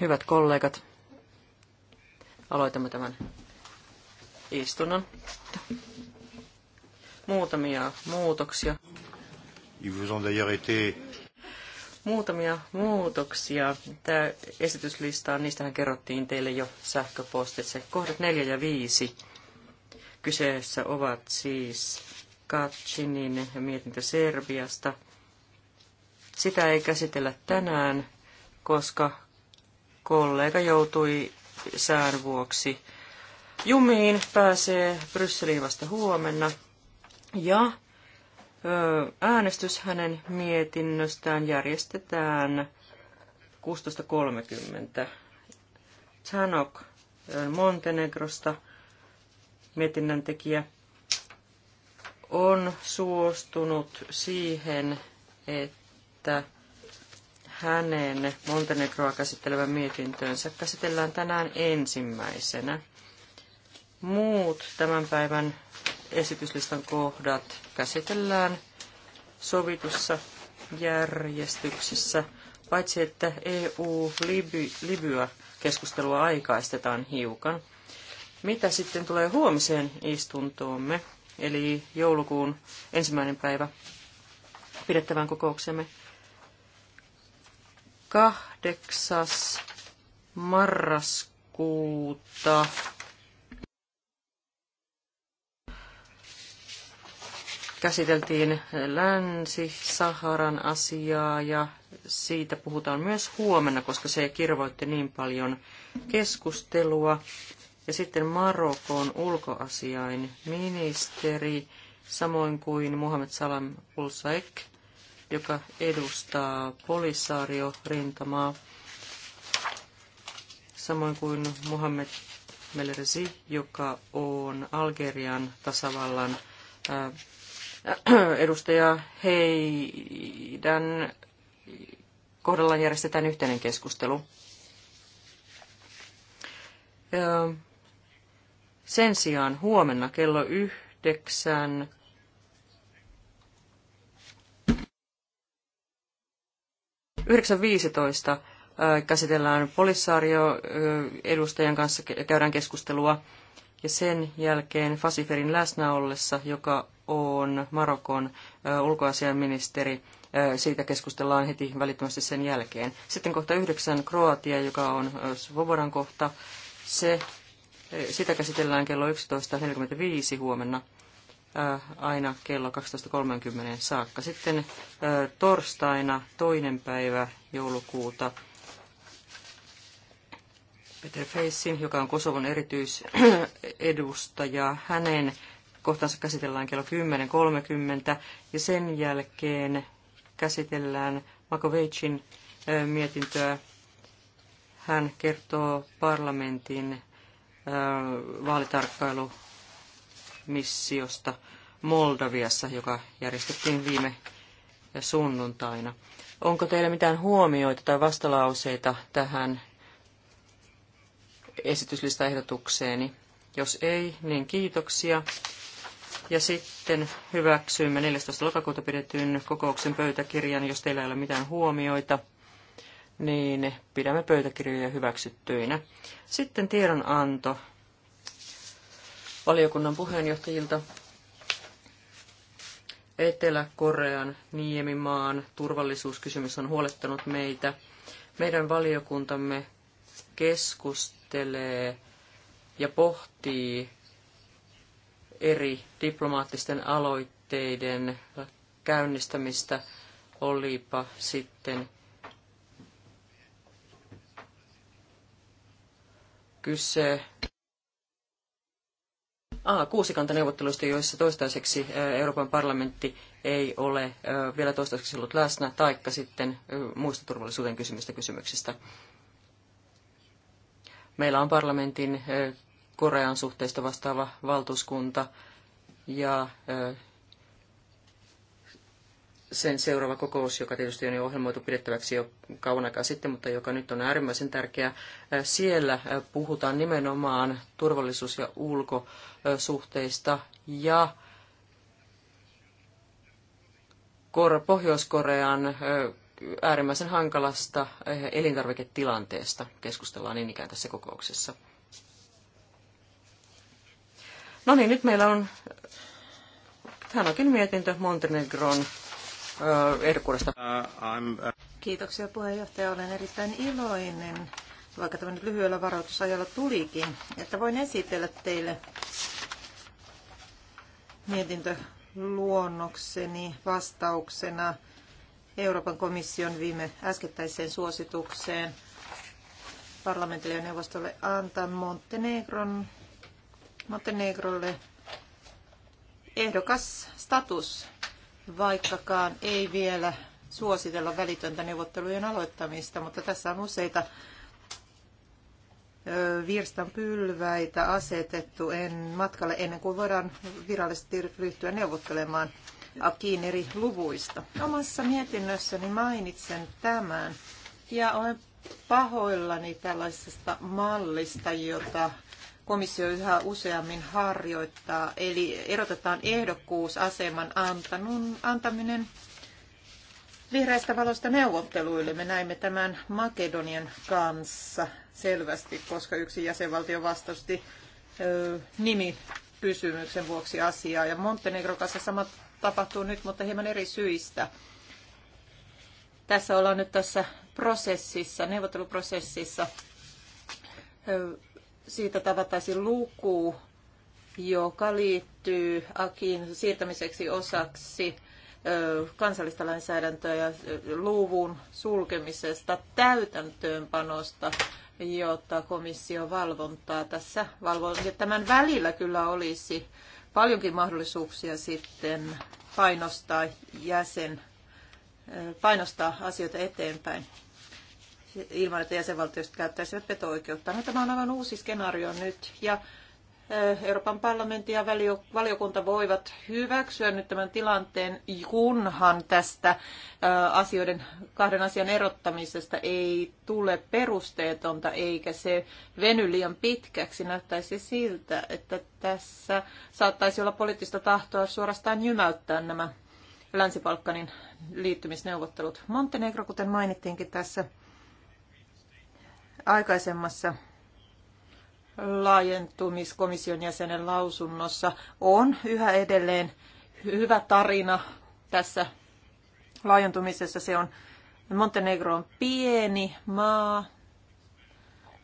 Hyvät kollegat, aloitamme tämän istunnon. Muutamia muutoksia. Ils vous ont d'ailleurs été muutamia muutoksia. Tämä esityslistaa, niistähän kerrottiin teille jo sähköpostitse. Kohdat 4 ja 5 kyseessä ovat siis Katsinin mietintö Serbiasta – sitä ei käsitellä tänään, koska kollega joutui sään vuoksi jumiin, pääsee Brysseliin vasta huomenna. Ja äänestys hänen mietinnöstään järjestetään 16.30. Chanok Montenegrosta, mietinnän tekijä, on suostunut siihen, että että hänen Montenegroa käsittelevän mietintönsä käsitellään tänään ensimmäisenä. Muut tämän päivän esityslistan kohdat käsitellään sovitussa järjestyksessä, paitsi että EU-Libya-keskustelua aikaistetaan hiukan. Mitä sitten tulee huomiseen istuntoomme, eli joulukuun ensimmäinen päivä pidettävään kokouksemme, kahdeksas marraskuuta. Käsiteltiin Länsi-Saharan asiaa ja siitä puhutaan myös huomenna, koska se kirvoitti niin paljon keskustelua. Ja sitten Marokon ulkoasiain ministeri, samoin kuin Mohamed Salam Ulsaek, joka edustaa Polisario-rintamaa, samoin kuin Mohamed Melerzi, joka on Algerian tasavallan äh, edustaja. Heidän kohdallaan järjestetään yhteinen keskustelu. Äh, sen sijaan huomenna kello yhdeksän 9.15 äh, käsitellään polissaario äh, edustajan kanssa, käydään keskustelua. Ja sen jälkeen Fasiferin läsnä ollessa, joka on Marokon äh, ulkoasiaministeri, siitä keskustellaan heti välittömästi sen jälkeen. Sitten kohta yhdeksän Kroatia, joka on Svobodan kohta. Se, sitä käsitellään kello 11.45 huomenna. Äh, aina kello 12.30 saakka. Sitten äh, torstaina toinen päivä joulukuuta Peter Feissin, joka on Kosovon erityisedustaja, hänen kohtansa käsitellään kello 10.30 ja sen jälkeen käsitellään Makovejin äh, mietintöä. Hän kertoo parlamentin vaalitarkkailu missiosta Moldaviassa, joka järjestettiin viime sunnuntaina. Onko teillä mitään huomioita tai vastalauseita tähän esityslistaehdotukseeni? Jos ei, niin kiitoksia. Ja sitten hyväksyimme 14. lokakuuta pidetyn kokouksen pöytäkirjan. Jos teillä ei ole mitään huomioita, niin pidämme pöytäkirjoja hyväksyttyinä. Sitten tiedonanto valiokunnan puheenjohtajilta Etelä-Korean Niemimaan turvallisuuskysymys on huolettanut meitä. Meidän valiokuntamme keskustelee ja pohtii eri diplomaattisten aloitteiden käynnistämistä, olipa sitten kyse A, kuusikantaneuvotteluista, joissa toistaiseksi Euroopan parlamentti ei ole vielä toistaiseksi ollut läsnä, taikka sitten muista turvallisuuden kysymistä kysymyksistä. Meillä on parlamentin Korean suhteista vastaava valtuuskunta ja sen seuraava kokous, joka tietysti on jo ohjelmoitu pidettäväksi jo kauan aikaa sitten, mutta joka nyt on äärimmäisen tärkeä. Äh, siellä äh, puhutaan nimenomaan turvallisuus- ja ulkosuhteista ja Pohjois-Korean äh, äärimmäisen hankalasta elintarviketilanteesta keskustellaan niin ikään tässä kokouksessa. No niin, nyt meillä on, tämä onkin mietintö Montenegron ehdokkuudesta. Uh, uh, Kiitoksia puheenjohtaja. Olen erittäin iloinen, vaikka tämä nyt lyhyellä varoitusajalla tulikin, että voin esitellä teille mietintöluonnokseni vastauksena Euroopan komission viime äskettäiseen suositukseen parlamentille ja neuvostolle antaa Montenegron, Montenegrolle ehdokas status vaikkakaan ei vielä suositella välitöntä neuvottelujen aloittamista, mutta tässä on useita pylväitä, asetettu en, matkalle ennen kuin voidaan virallisesti ryhtyä neuvottelemaan Akin eri luvuista. Omassa mietinnössäni mainitsen tämän ja olen pahoillani tällaisesta mallista, jota komissio yhä useammin harjoittaa, eli erotetaan ehdokkuusaseman antanun, antaminen vihreästä valosta neuvotteluille. Me näimme tämän Makedonian kanssa selvästi, koska yksi jäsenvaltio vastusti nimi kysymyksen vuoksi asiaa. Ja Montenegro kanssa sama tapahtuu nyt, mutta hieman eri syistä. Tässä ollaan nyt tässä prosessissa, neuvotteluprosessissa. Ö, siitä tavattaisiin luku, joka liittyy AKIin siirtämiseksi osaksi kansallista lainsäädäntöä ja luvun sulkemisesta täytäntöönpanosta, jota komissio valvontaa tässä. valvontaa. tämän välillä kyllä olisi paljonkin mahdollisuuksia sitten painostaa jäsen, painostaa asioita eteenpäin ilman, että jäsenvaltiot käyttäisivät veto-oikeutta. No, tämä on aivan uusi skenaario nyt ja Euroopan parlamentti ja valiokunta voivat hyväksyä nyt tämän tilanteen, kunhan tästä asioiden, kahden asian erottamisesta ei tule perusteetonta eikä se veny liian pitkäksi. Näyttäisi siltä, että tässä saattaisi olla poliittista tahtoa suorastaan jymäyttää nämä Länsi-Balkanin liittymisneuvottelut. Montenegro, kuten mainittiinkin tässä aikaisemmassa laajentumiskomission jäsenen lausunnossa on yhä edelleen hyvä tarina tässä laajentumisessa. Se on Montenegro on pieni maa.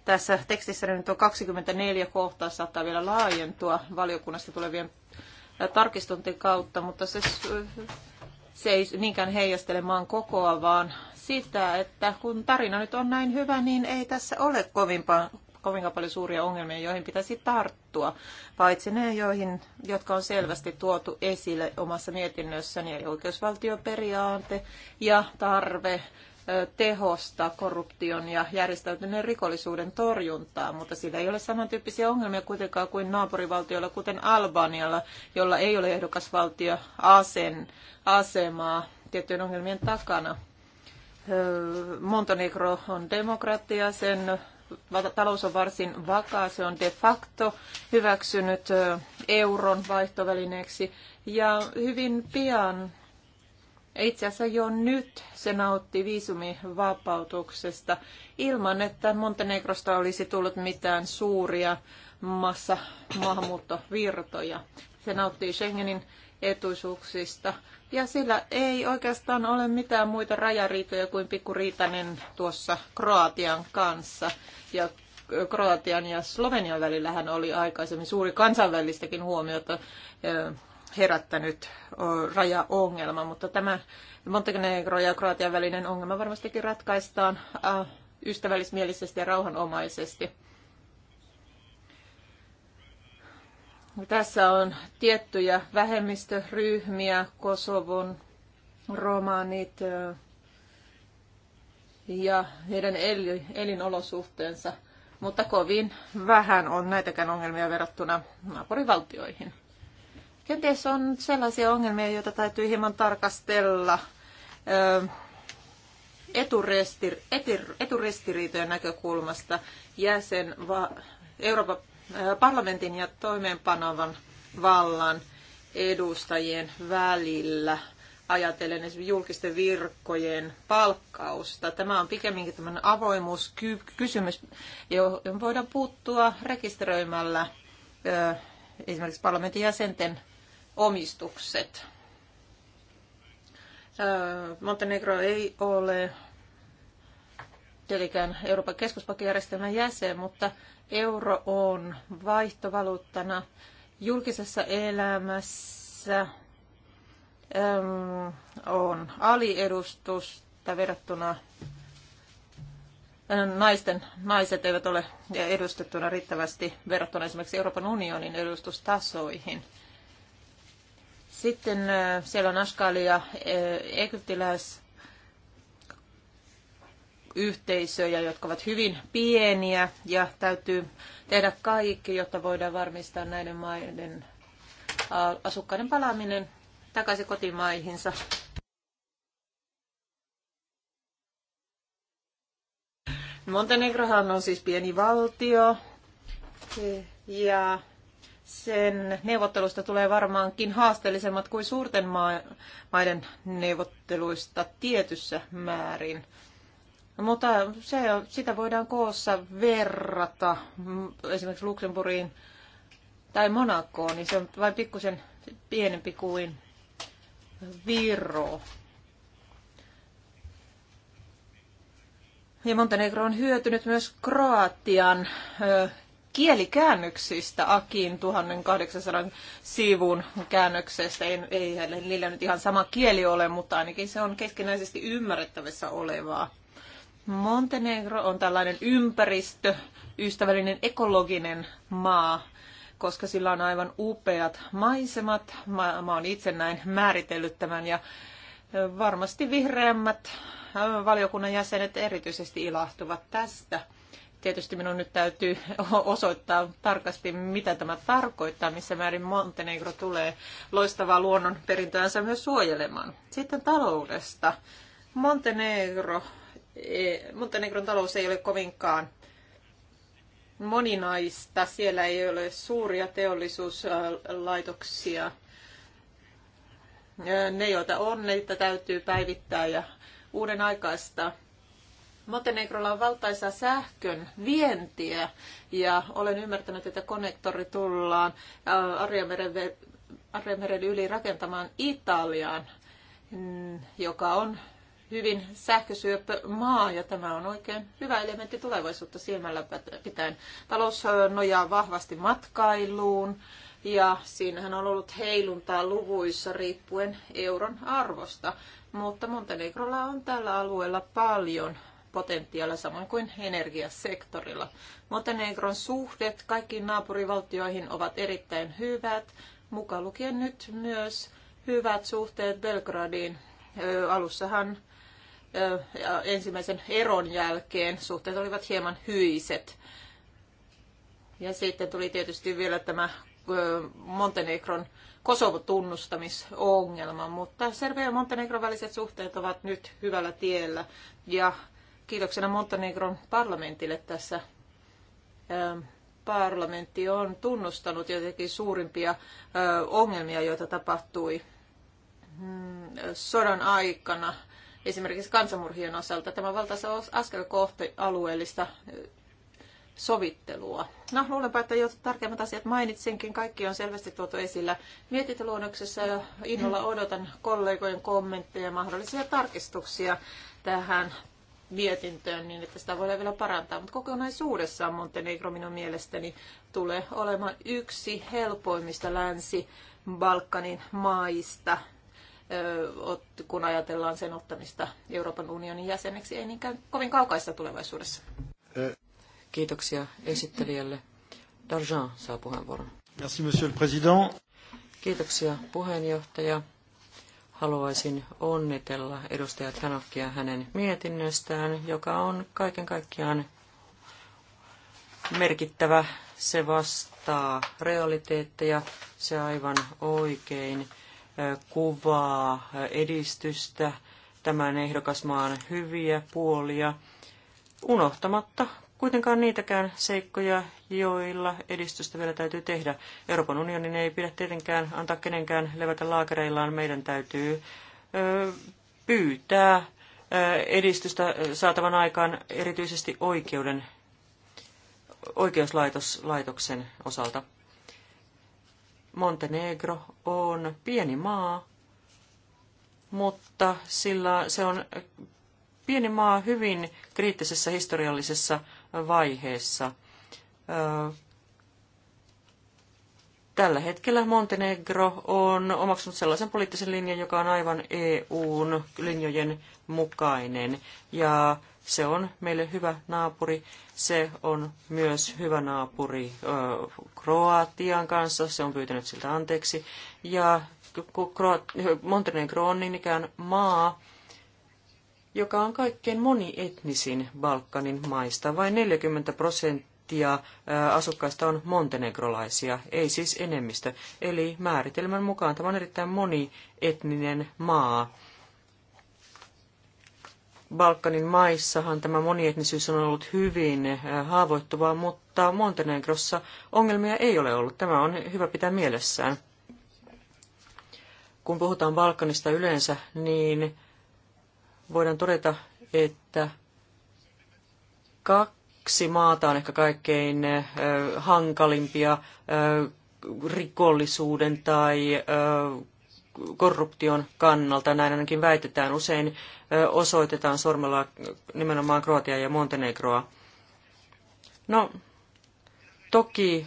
Tässä tekstissä nyt on 24 kohtaa, saattaa vielä laajentua valiokunnasta tulevien tarkistuntien kautta, mutta se, se ei niinkään heijastele maan kokoa, vaan sitä, että kun tarina nyt on näin hyvä, niin ei tässä ole kovin paljon suuria ongelmia, joihin pitäisi tarttua, paitsi ne, joihin, jotka on selvästi tuotu esille omassa mietinnössäni, eli oikeusvaltioperiaate ja tarve tehosta korruption ja järjestäytyneen rikollisuuden torjuntaa, mutta sillä ei ole samantyyppisiä ongelmia kuitenkaan kuin naapurivaltioilla, kuten Albanialla, jolla ei ole ehdokasvaltio asen, asemaa tiettyjen ongelmien takana. Montenegro on demokratia, sen talous on varsin vakaa, se on de facto hyväksynyt euron vaihtovälineeksi ja hyvin pian, itse asiassa jo nyt, se nautti viisumivapautuksesta ilman, että Montenegrosta olisi tullut mitään suuria massa maahanmuuttovirtoja. Se nauttii Schengenin etuisuuksista ja sillä ei oikeastaan ole mitään muita rajariitoja kuin pikkuriitainen tuossa Kroatian kanssa. Ja Kroatian ja Slovenian välillähän oli aikaisemmin suuri kansainvälistäkin huomiota herättänyt rajaongelma, mutta tämä Montenegro ja Kroatian välinen ongelma varmastikin ratkaistaan ystävällismielisesti ja rauhanomaisesti. Tässä on tiettyjä vähemmistöryhmiä, Kosovon romaanit ja heidän elinolosuhteensa, mutta kovin vähän on näitäkään ongelmia verrattuna naapurivaltioihin. Kenties on sellaisia ongelmia, joita täytyy hieman tarkastella eturestir, eturistiriitojen näkökulmasta jäsen, va, Euroopan parlamentin ja toimeenpanovan vallan edustajien välillä ajatellen esimerkiksi julkisten virkojen palkkausta. Tämä on pikemminkin tämmöinen avoimuuskysymys, johon voidaan puuttua rekisteröimällä esimerkiksi parlamentin jäsenten omistukset. Montenegro ei ole tietenkään Euroopan keskuspankkijärjestelmän jäsen, mutta euro on vaihtovaluuttana julkisessa elämässä on aliedustusta verrattuna naisten, naiset eivät ole edustettuna riittävästi verrattuna esimerkiksi Euroopan unionin edustustasoihin. Sitten siellä on askaalia egyptiläis yhteisöjä, jotka ovat hyvin pieniä ja täytyy tehdä kaikki, jotta voidaan varmistaa näiden maiden asukkaiden palaaminen takaisin kotimaihinsa. Montenegrohan on siis pieni valtio ja sen neuvottelusta tulee varmaankin haasteellisemmat kuin suurten maiden neuvotteluista tietyssä määrin. Mutta se, sitä voidaan koossa verrata esimerkiksi Luxemburgiin tai Monakoon, niin se on vain pikkusen pienempi kuin Viro. Ja Montenegro on hyötynyt myös Kroatian ö, kielikäännöksistä Akin 1800 sivun käännöksestä. Ei, ei niillä nyt ihan sama kieli ole, mutta ainakin se on keskinäisesti ymmärrettävissä olevaa. Montenegro on tällainen ympäristöystävällinen ekologinen maa, koska sillä on aivan upeat maisemat. Mä, mä oon itse näin määritellyt tämän ja varmasti vihreämmät valiokunnan jäsenet erityisesti ilahtuvat tästä. Tietysti minun nyt täytyy osoittaa tarkasti, mitä tämä tarkoittaa, missä määrin Montenegro tulee loistavaa luonnonperintöänsä myös suojelemaan. Sitten taloudesta. Montenegro Eh, Montenegron talous ei ole kovinkaan moninaista. Siellä ei ole suuria teollisuuslaitoksia. Eh, ne, joita on, niitä täytyy päivittää ja uuden aikaista. Montenegrolla on valtaisaa sähkön vientiä ja olen ymmärtänyt, että konnektori tullaan eh, Arjameren, Arjameren yli rakentamaan Italiaan, mm, joka on hyvin sähkösyöppö maa ja tämä on oikein hyvä elementti tulevaisuutta silmällä pitäen. Talous nojaa vahvasti matkailuun ja siinähän on ollut heiluntaa luvuissa riippuen euron arvosta, mutta Montenegrolla on tällä alueella paljon potentiaalia samoin kuin energiasektorilla. Montenegron suhteet kaikkiin naapurivaltioihin ovat erittäin hyvät, mukaan lukien nyt myös hyvät suhteet Belgradiin. Alussahan ensimmäisen eron jälkeen suhteet olivat hieman hyiset. Ja sitten tuli tietysti vielä tämä Montenegron Kosovo-tunnustamisongelma, mutta Serbia ja Montenegron väliset suhteet ovat nyt hyvällä tiellä. Ja kiitoksena Montenegron parlamentille tässä parlamentti on tunnustanut jotenkin suurimpia ongelmia, joita tapahtui mm, sodan aikana esimerkiksi kansanmurhien osalta. Tämä on valtaisa askel kohti alueellista sovittelua. No, luulenpa, että jo tarkemmat asiat mainitsinkin. Kaikki on selvästi tuotu esillä mietintöluonnoksessa ja innolla odotan kollegojen kommentteja ja mahdollisia tarkistuksia tähän mietintöön niin, että sitä voidaan vielä parantaa. Mutta kokonaisuudessaan Montenegro minun mielestäni tulee olemaan yksi helpoimmista länsi Balkanin maista kun ajatellaan sen ottamista Euroopan unionin jäseneksi, ei niinkään kovin kaukaisessa tulevaisuudessa. Kiitoksia esittelijälle. Darjean saa puheenvuoron. Merci, monsieur le président. Kiitoksia puheenjohtaja. Haluaisin onnitella edustaja Tanokkia hänen mietinnöstään, joka on kaiken kaikkiaan merkittävä. Se vastaa realiteetteja, se aivan oikein kuvaa edistystä, tämän ehdokasmaan hyviä puolia, unohtamatta kuitenkaan niitäkään seikkoja, joilla edistystä vielä täytyy tehdä. Euroopan unionin ei pidä tietenkään antaa kenenkään levätä laakereillaan. Meidän täytyy ö, pyytää ö, edistystä saatavan aikaan erityisesti oikeuden, oikeuslaitoksen osalta. Montenegro on pieni maa, mutta sillä se on pieni maa hyvin kriittisessä historiallisessa vaiheessa. Tällä hetkellä Montenegro on omaksunut sellaisen poliittisen linjan, joka on aivan EUn linjojen mukainen. Ja se on meille hyvä naapuri. Se on myös hyvä naapuri Kroatian kanssa. Se on pyytänyt siltä anteeksi. Ja Montenegro on niin ikään maa, joka on kaikkein monietnisin Balkanin maista. Vain 40 prosenttia asukkaista on montenegrolaisia, ei siis enemmistö. Eli määritelmän mukaan tämä on erittäin monietninen maa. Balkanin maissahan tämä monietnisyys on ollut hyvin eh, haavoittuvaa, mutta Montenegrossa ongelmia ei ole ollut. Tämä on hyvä pitää mielessään. Kun puhutaan Balkanista yleensä, niin voidaan todeta, että kaksi maata on ehkä kaikkein eh, hankalimpia eh, rikollisuuden tai korruption kannalta, näin ainakin väitetään. Usein osoitetaan sormella nimenomaan Kroatiaa ja Montenegroa. No, toki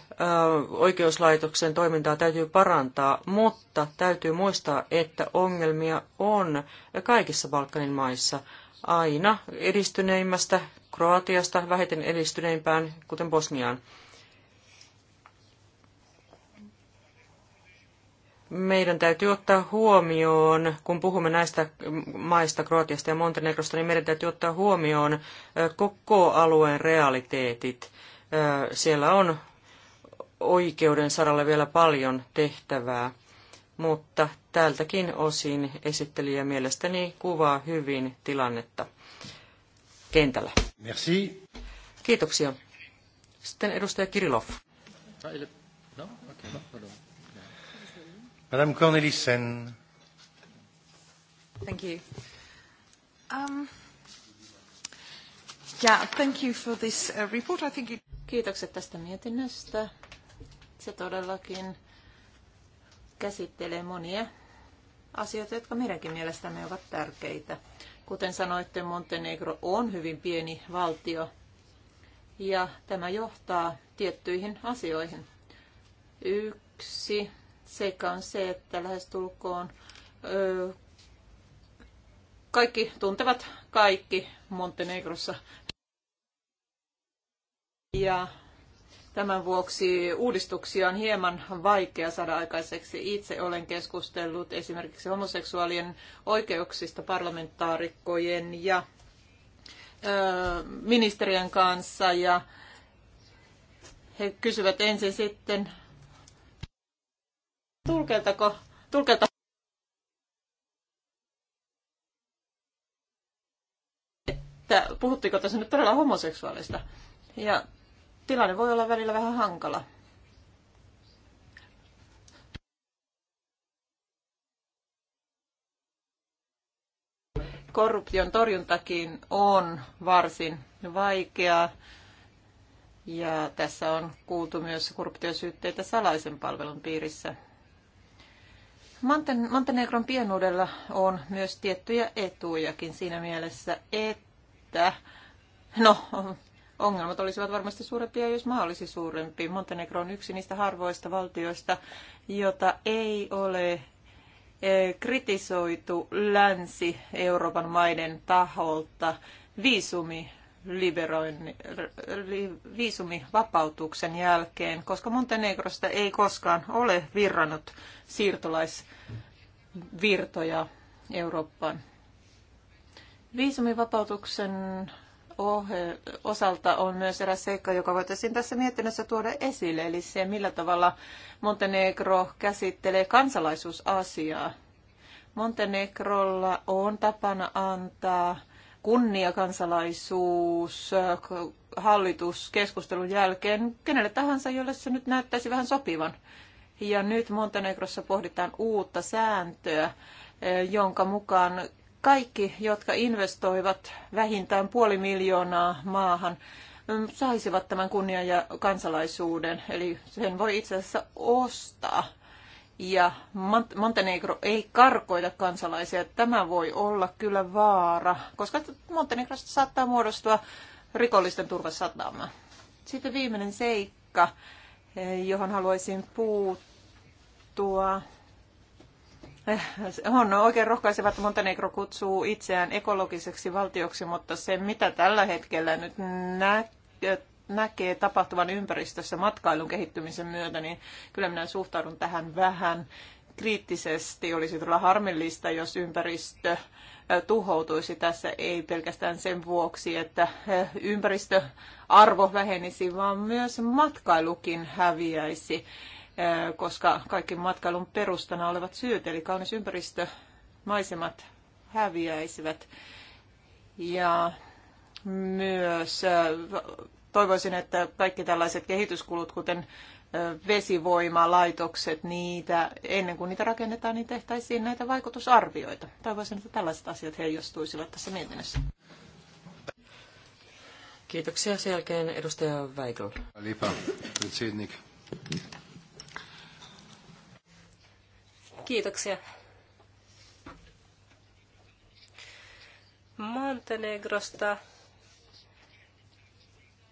oikeuslaitoksen toimintaa täytyy parantaa, mutta täytyy muistaa, että ongelmia on kaikissa Balkanin maissa. Aina edistyneimmästä Kroatiasta vähiten edistyneimpään, kuten Bosniaan. meidän täytyy ottaa huomioon, kun puhumme näistä maista, Kroatiasta ja Montenegrosta, niin meidän täytyy ottaa huomioon koko alueen realiteetit. Siellä on oikeuden saralla vielä paljon tehtävää, mutta tältäkin osin esittelijä mielestäni kuvaa hyvin tilannetta kentällä. Merci. Kiitoksia. Sitten edustaja Kirilov. No, okay. no, Madame Cornelissen. Thank you. Um, yeah, thank you for this uh, report. I think it... Kiitokset tästä mietinnöstä. Se todellakin käsittelee monia asioita, jotka meidänkin mielestämme ovat tärkeitä. Kuten sanoitte, Montenegro on hyvin pieni valtio ja tämä johtaa tiettyihin asioihin. Yksi seikka on se, että lähestulkoon ö, kaikki tuntevat kaikki Montenegrossa. Ja tämän vuoksi uudistuksia on hieman vaikea saada aikaiseksi. Itse olen keskustellut esimerkiksi homoseksuaalien oikeuksista parlamentaarikkojen ja ö, ministerien kanssa ja he kysyvät ensin sitten Tulkeltako, tulkelta että puhuttiko tässä nyt todella homoseksuaalista. Ja tilanne voi olla välillä vähän hankala. Korruption torjuntakin on varsin vaikeaa. Ja tässä on kuultu myös korruptiosyytteitä salaisen palvelun piirissä. Montenegron pienuudella on myös tiettyjä etujakin siinä mielessä, että no, ongelmat olisivat varmasti suurempia, jos maa olisi suurempi. Montenegro on yksi niistä harvoista valtioista, jota ei ole e, kritisoitu Länsi-Euroopan maiden taholta viisumi viisumivapautuksen jälkeen, koska Montenegrosta ei koskaan ole virrannut siirtolaisvirtoja Eurooppaan. Viisumivapautuksen ohe, osalta on myös eräs seikka, joka voitaisiin tässä mietinnössä tuoda esille, eli se, millä tavalla Montenegro käsittelee kansalaisuusasiaa. Montenegrolla on tapana antaa kunniakansalaisuus hallituskeskustelun jälkeen kenelle tahansa, jolle se nyt näyttäisi vähän sopivan. Ja nyt Montenegrossa pohditaan uutta sääntöä, eh, jonka mukaan kaikki, jotka investoivat vähintään puoli miljoonaa maahan, mm, saisivat tämän kunnian ja kansalaisuuden. Eli sen voi itse asiassa ostaa ja Montenegro ei karkoita kansalaisia. Tämä voi olla kyllä vaara, koska Montenegrosta saattaa muodostua rikollisten turvasatama. Sitten viimeinen seikka, eh, johon haluaisin puuttua. Eh, on oikein rohkaiseva, että Montenegro kutsuu itseään ekologiseksi valtioksi, mutta se mitä tällä hetkellä nyt näkyy, näkee tapahtuvan ympäristössä matkailun kehittymisen myötä, niin kyllä minä suhtaudun tähän vähän kriittisesti. Olisi todella harmillista, jos ympäristö tuhoutuisi tässä ei pelkästään sen vuoksi, että ympäristöarvo vähenisi, vaan myös matkailukin häviäisi, koska kaikki matkailun perustana olevat syyt, eli kaunis ympäristömaisemat häviäisivät. Ja myös toivoisin, että kaikki tällaiset kehityskulut, kuten vesivoimalaitokset, niitä, ennen kuin niitä rakennetaan, niin tehtäisiin näitä vaikutusarvioita. Toivoisin, että tällaiset asiat heijastuisivat tässä mietinnössä. Kiitoksia. Sen jälkeen edustaja Weigl. Lipa, Kiitoksia. Montenegrosta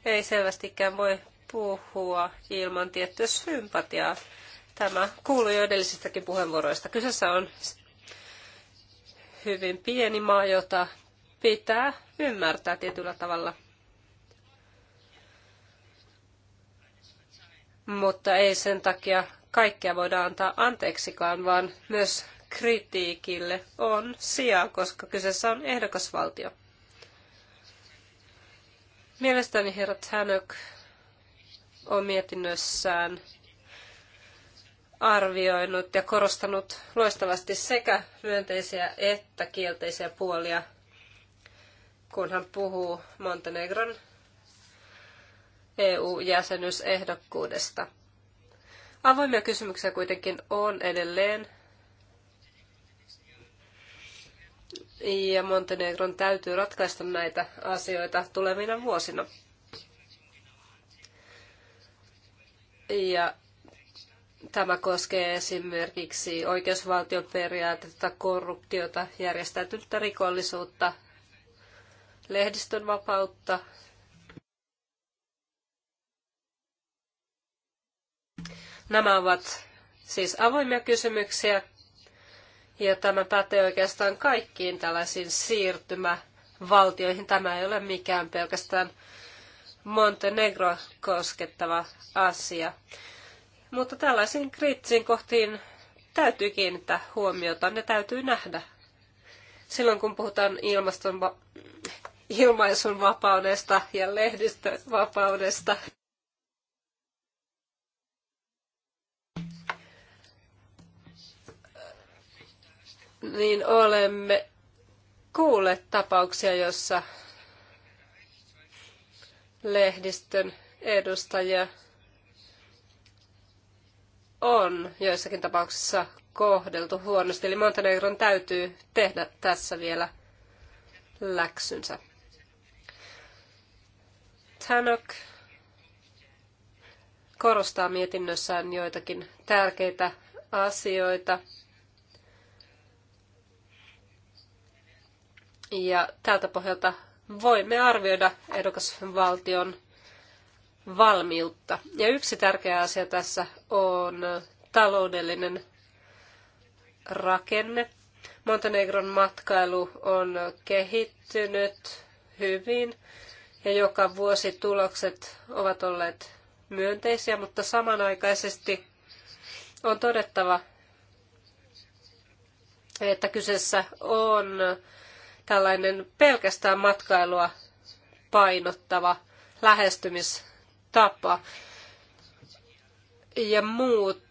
ei selvästikään voi puhua ilman tiettyä sympatiaa. Tämä kuuluu jo edellisistäkin puheenvuoroista. Kyseessä on hyvin pieni maa, jota pitää ymmärtää tietyllä tavalla. Mutta ei sen takia kaikkea voida antaa anteeksikaan, vaan myös kritiikille on sijaa, koska kyseessä on ehdokasvaltio. Mielestäni herra Tänök on mietinnössään arvioinut ja korostanut loistavasti sekä myönteisiä että kielteisiä puolia, kun hän puhuu Montenegron EU-jäsenyysehdokkuudesta. Avoimia kysymyksiä kuitenkin on edelleen, ja Montenegron täytyy ratkaista näitä asioita tulevina vuosina. Ja tämä koskee esimerkiksi oikeusvaltioperiaatetta, korruptiota, järjestäytynyttä rikollisuutta, lehdistön vapautta, Nämä ovat siis avoimia kysymyksiä, ja tämä pätee oikeastaan kaikkiin tällaisiin siirtymävaltioihin. Tämä ei ole mikään pelkästään Montenegro koskettava asia. Mutta tällaisiin kriittisiin kohtiin täytyy kiinnittää huomiota, ne täytyy nähdä. Silloin kun puhutaan ilmaston va- ilmaisun vapaudesta ja lehdistön vapaudesta, niin olemme kuulleet tapauksia, jossa lehdistön edustajia on joissakin tapauksissa kohdeltu huonosti. Eli Montenegron täytyy tehdä tässä vielä läksynsä. Tanok korostaa mietinnössään joitakin tärkeitä asioita, Ja tältä pohjalta voimme arvioida ehdokasvaltion valmiutta. Ja yksi tärkeä asia tässä on taloudellinen rakenne. Montenegron matkailu on kehittynyt hyvin ja joka vuosi tulokset ovat olleet myönteisiä, mutta samanaikaisesti on todettava, että kyseessä on tällainen pelkästään matkailua painottava lähestymistapa. Ja muut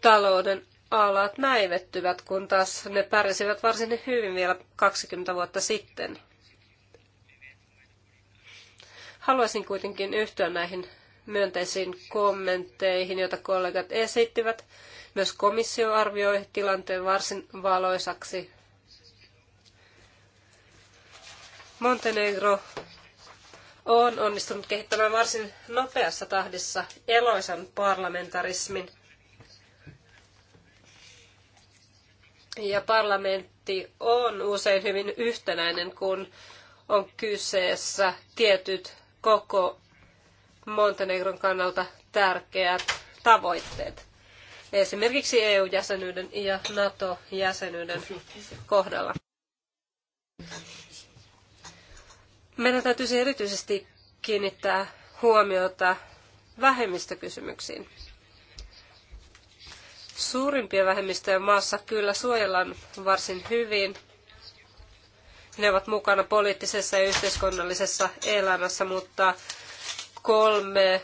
talouden alat näivettyvät, kun taas ne pärjäsivät varsin hyvin vielä 20 vuotta sitten. Haluaisin kuitenkin yhtyä näihin myönteisiin kommentteihin, joita kollegat esittivät. Myös komissio arvioi tilanteen varsin valoisaksi Montenegro on onnistunut kehittämään varsin nopeassa tahdissa eloisan parlamentarismin. Ja parlamentti on usein hyvin yhtenäinen, kun on kyseessä tietyt koko Montenegron kannalta tärkeät tavoitteet. Esimerkiksi EU-jäsenyyden ja NATO-jäsenyyden kohdalla. Meidän täytyisi erityisesti kiinnittää huomiota vähemmistökysymyksiin. Suurimpia vähemmistöjä maassa kyllä suojellaan varsin hyvin. Ne ovat mukana poliittisessa ja yhteiskunnallisessa elämässä, mutta kolme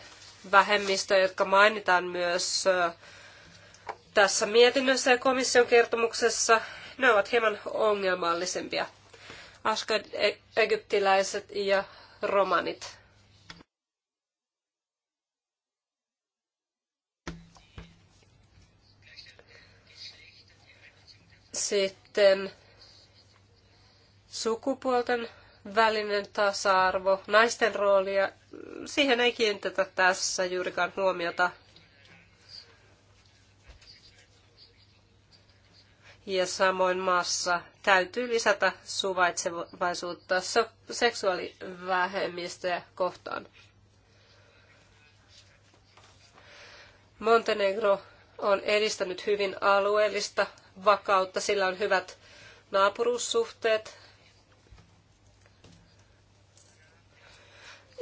vähemmistöä, jotka mainitaan myös tässä mietinnössä ja komission kertomuksessa, ne ovat hieman ongelmallisempia askad e- egyptiläiset ja romanit. Sitten sukupuolten välinen tasa-arvo, naisten roolia, siihen ei kiinnitetä tässä juurikaan huomiota. ja samoin maassa täytyy lisätä suvaitsevaisuutta seksuaalivähemmistöjä kohtaan. Montenegro on edistänyt hyvin alueellista vakautta, sillä on hyvät naapuruussuhteet.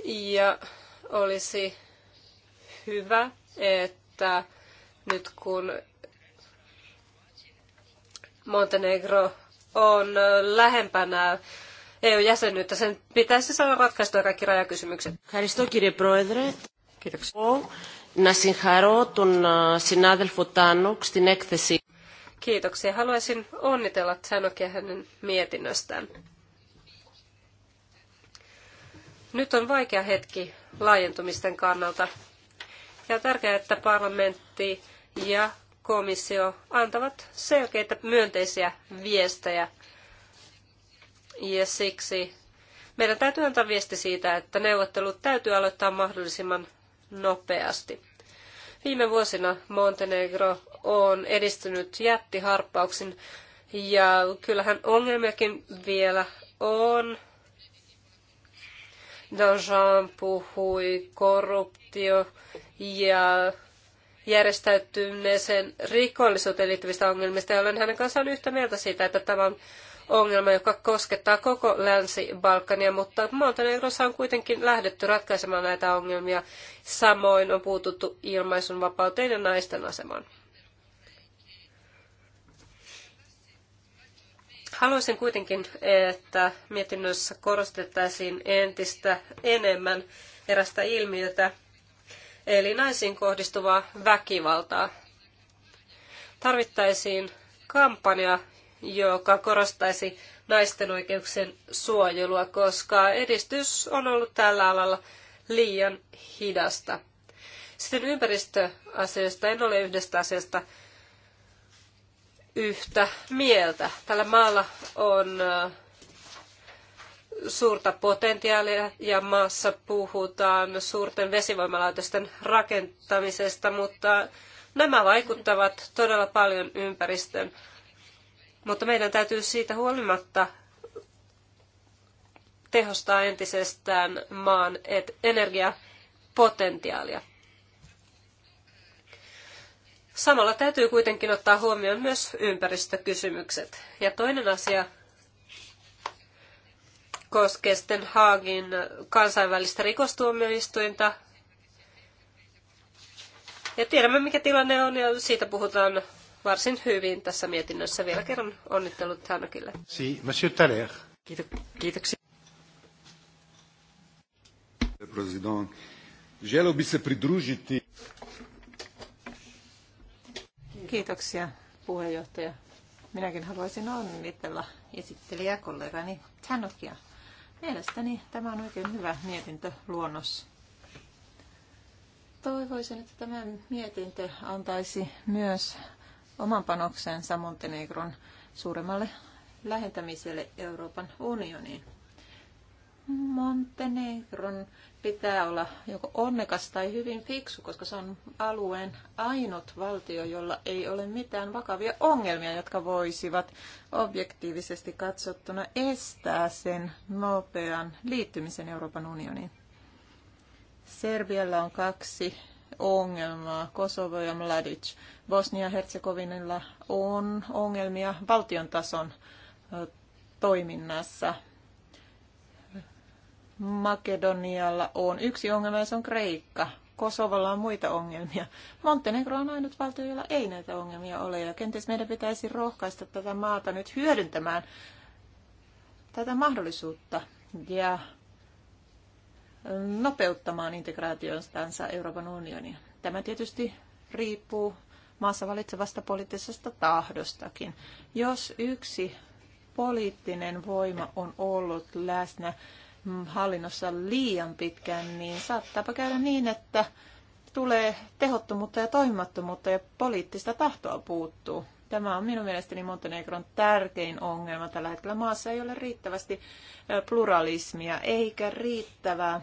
Ja olisi hyvä, että nyt kun Montenegro on lähempänä EU-jäsenyyttä. Sen pitäisi saada ratkaistua kaikki rajakysymykset. Kiitoksia. Kiitoksia. Haluaisin onnitella Tsanokia hänen mietinnöstään. Nyt on vaikea hetki laajentumisten kannalta. Ja on tärkeää, että parlamentti ja komissio antavat selkeitä myönteisiä viestejä. Ja siksi meidän täytyy antaa viesti siitä, että neuvottelut täytyy aloittaa mahdollisimman nopeasti. Viime vuosina Montenegro on edistynyt jättiharppauksin ja kyllähän ongelmiakin vielä on. Danjean puhui korruptio ja järjestäytyneeseen rikollisuuteen liittyvistä ongelmista, ja olen hänen kanssaan yhtä mieltä siitä, että tämä on ongelma, joka koskettaa koko Länsi-Balkania, mutta Montenegrossa on kuitenkin lähdetty ratkaisemaan näitä ongelmia. Samoin on puututtu ilmaisun vapauteen ja naisten asemaan. Haluaisin kuitenkin, että mietinnössä korostettaisiin entistä enemmän erästä ilmiötä, eli naisiin kohdistuvaa väkivaltaa. Tarvittaisiin kampanja, joka korostaisi naisten oikeuksien suojelua, koska edistys on ollut tällä alalla liian hidasta. Sitten ympäristöasioista en ole yhdestä asiasta yhtä mieltä. Tällä maalla on äh, suurta potentiaalia ja maassa puhutaan suurten vesivoimalaitosten rakentamisesta, mutta nämä vaikuttavat todella paljon ympäristöön. Mutta meidän täytyy siitä huolimatta tehostaa entisestään maan energiapotentiaalia. Samalla täytyy kuitenkin ottaa huomioon myös ympäristökysymykset. Ja toinen asia, koskee sitten Haagin kansainvälistä rikostuomioistuinta. Ja tiedämme, mikä tilanne on, ja siitä puhutaan varsin hyvin tässä mietinnössä. Vielä kerran onnittelut Hanakille. Si, monsieur Taler. Kiitok- kiitoksia. President, Kiitoksia, puheenjohtaja. Minäkin haluaisin onnitella esittelijäkollegani Tanokia Mielestäni tämä on oikein hyvä mietintö luonnossa. Toivoisin, että tämä mietintö antaisi myös oman panoksensa Montenegron suuremmalle lähentämiselle Euroopan unioniin. Montenegron pitää olla joko onnekas tai hyvin fiksu, koska se on alueen ainut valtio, jolla ei ole mitään vakavia ongelmia, jotka voisivat objektiivisesti katsottuna estää sen nopean liittymisen Euroopan unioniin. Serbialla on kaksi ongelmaa, Kosovo ja Mladic. Bosnia-Herzegovinilla on ongelmia valtion tason toiminnassa Makedonialla on yksi ongelma ja se on Kreikka. kosovalla on muita ongelmia. Montenegro on ainut valtio, jolla ei näitä ongelmia ole. Ja kenties meidän pitäisi rohkaista tätä maata nyt hyödyntämään tätä mahdollisuutta ja nopeuttamaan integraationstansa Euroopan unionia. Tämä tietysti riippuu maassa valitsevasta poliittisesta tahdostakin. Jos yksi poliittinen voima on ollut läsnä Mm, hallinnossa liian pitkään, niin saattaapa käydä niin, että tulee tehottomuutta ja toimimattomuutta ja poliittista tahtoa puuttuu. Tämä on minun mielestäni Montenegron tärkein ongelma tällä hetkellä. Maassa ei ole riittävästi pluralismia eikä riittävää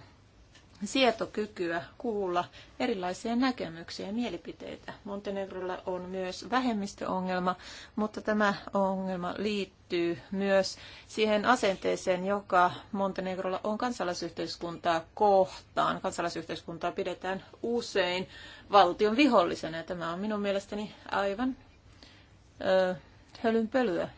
sietokykyä kuulla erilaisia näkemyksiä ja mielipiteitä. Montenegrolla on myös vähemmistöongelma, mutta tämä ongelma liittyy myös siihen asenteeseen, joka Montenegrolla on kansalaisyhteiskuntaa kohtaan. Kansalaisyhteiskuntaa pidetään usein valtion vihollisena ja tämä on minun mielestäni aivan ö, hölynpölyä.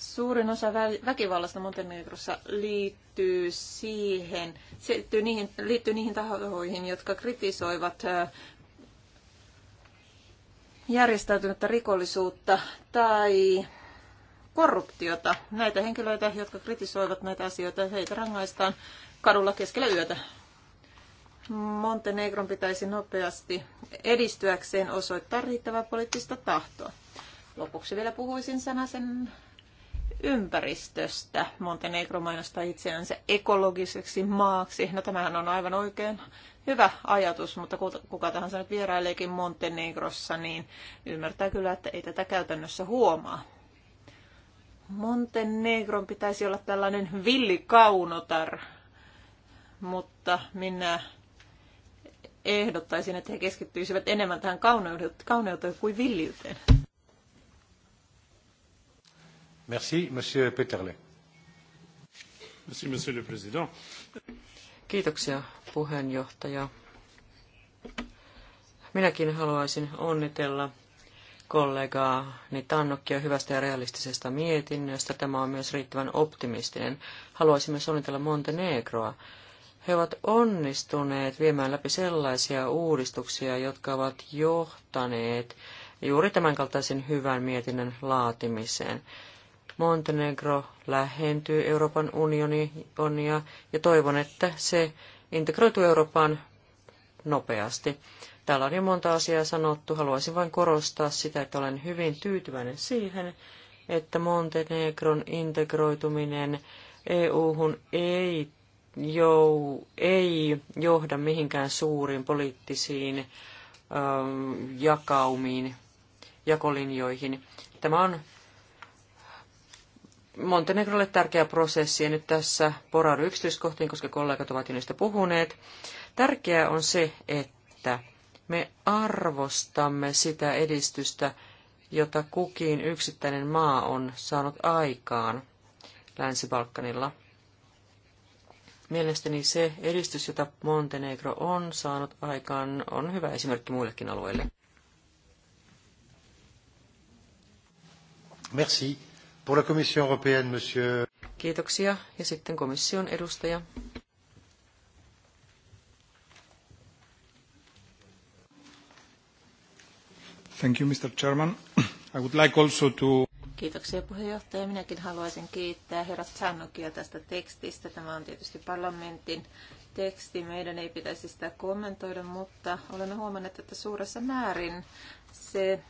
Suurin osa väkivallasta Montenegrossa liittyy siihen, se liittyy niihin, liittyy niihin tahoihin, jotka kritisoivat järjestäytynyttä rikollisuutta tai korruptiota. Näitä henkilöitä, jotka kritisoivat näitä asioita, heitä rangaistaan kadulla keskellä yötä. Montenegron pitäisi nopeasti edistyäkseen osoittaa riittävää poliittista tahtoa. Lopuksi vielä puhuisin sanasen ympäristöstä. Montenegro mainostaa itseänsä ekologiseksi maaksi. No tämähän on aivan oikein hyvä ajatus, mutta kuka tahansa nyt vieraileekin Montenegrossa, niin ymmärtää kyllä, että ei tätä käytännössä huomaa. Montenegron pitäisi olla tällainen villikaunotar, mutta minä ehdottaisin, että he keskittyisivät enemmän tähän kauneuteen kuin villiyteen. Kiitoksia, puheenjohtaja. Minäkin haluaisin onnitella kollegaani Tannokia hyvästä ja realistisesta mietinnöstä. Tämä on myös riittävän optimistinen. Haluaisin myös onnitella Montenegroa. He ovat onnistuneet viemään läpi sellaisia uudistuksia, jotka ovat johtaneet juuri tämänkaltaisen hyvän mietinnön laatimiseen. Montenegro lähentyy Euroopan unionia ja toivon, että se integroituu Eurooppaan nopeasti. Täällä on jo monta asiaa sanottu. Haluaisin vain korostaa sitä, että olen hyvin tyytyväinen siihen, että Montenegron integroituminen EU-hun ei, jou, ei johda mihinkään suuriin poliittisiin äm, jakaumiin, jakolinjoihin. Tämä on Montenegrolle tärkeä prosessi, ja nyt tässä poraudu yksityiskohtiin, koska kollegat ovat jo niistä puhuneet. Tärkeää on se, että me arvostamme sitä edistystä, jota kukin yksittäinen maa on saanut aikaan Länsi-Balkanilla. Mielestäni se edistys, jota Montenegro on saanut aikaan, on hyvä esimerkki muillekin alueille. Merci. Pour la Commission européenne, monsieur... Kiitoksia. Ja sitten komission edustaja. Thank you, Mr. Chairman. I would like also to... Kiitoksia puheenjohtaja. Minäkin haluaisin kiittää herra Sannokia tästä tekstistä. Tämä on tietysti parlamentin teksti. Meidän ei pitäisi sitä kommentoida, mutta olemme huomanneet, että suuressa määrin se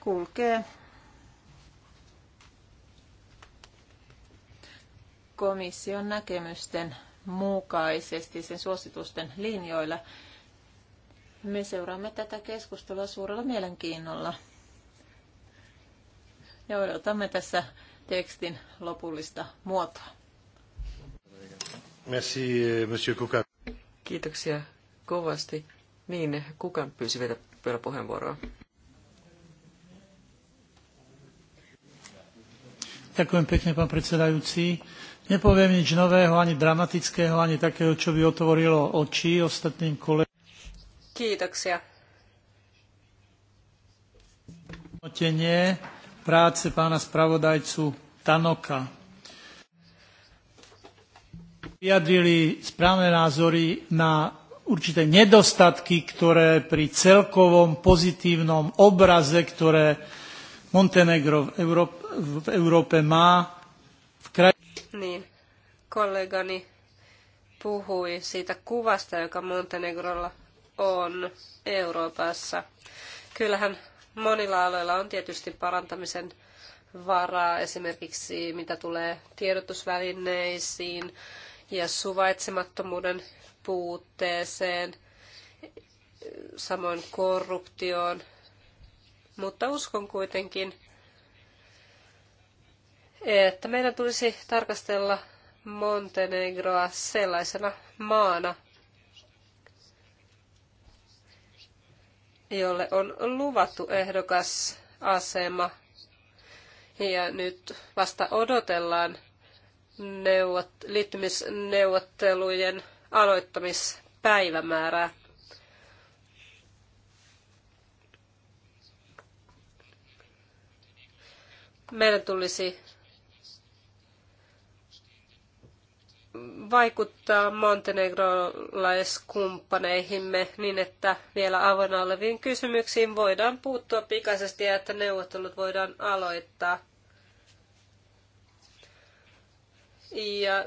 kulkee komission näkemysten mukaisesti sen suositusten linjoilla. Me seuraamme tätä keskustelua suurella mielenkiinnolla. Ja odotamme tässä tekstin lopullista muotoa. Merci, monsieur Kuka. Kiitoksia kovasti. Niin, Kukan pyysi vielä puheenvuoroa. Ďakujem pekne, pán Nepoviem nič nového, ani dramatického, ani takého, čo by otvorilo oči ostatným kolegom. Kiitoksia. Hodnotenie práce pána spravodajcu Tanoka. Vyjadrili správne názory na určité nedostatky, ktoré pri celkovom pozitívnom obraze, ktoré Montenegro v Európe, v Európe má, v kraj- niin, kollegani puhui siitä kuvasta, joka Montenegrolla on Euroopassa. Kyllähän monilla aloilla on tietysti parantamisen varaa, esimerkiksi mitä tulee tiedotusvälineisiin ja suvaitsemattomuuden puutteeseen, samoin korruptioon. Mutta uskon kuitenkin, että meidän tulisi tarkastella Montenegroa sellaisena maana, jolle on luvattu ehdokas asema. Ja nyt vasta odotellaan neuvot, liittymisneuvottelujen aloittamispäivämäärää. Meidän tulisi vaikuttaa montenegrolaiskumppaneihimme niin, että vielä avoinna oleviin kysymyksiin voidaan puuttua pikaisesti ja että neuvottelut voidaan aloittaa. Ja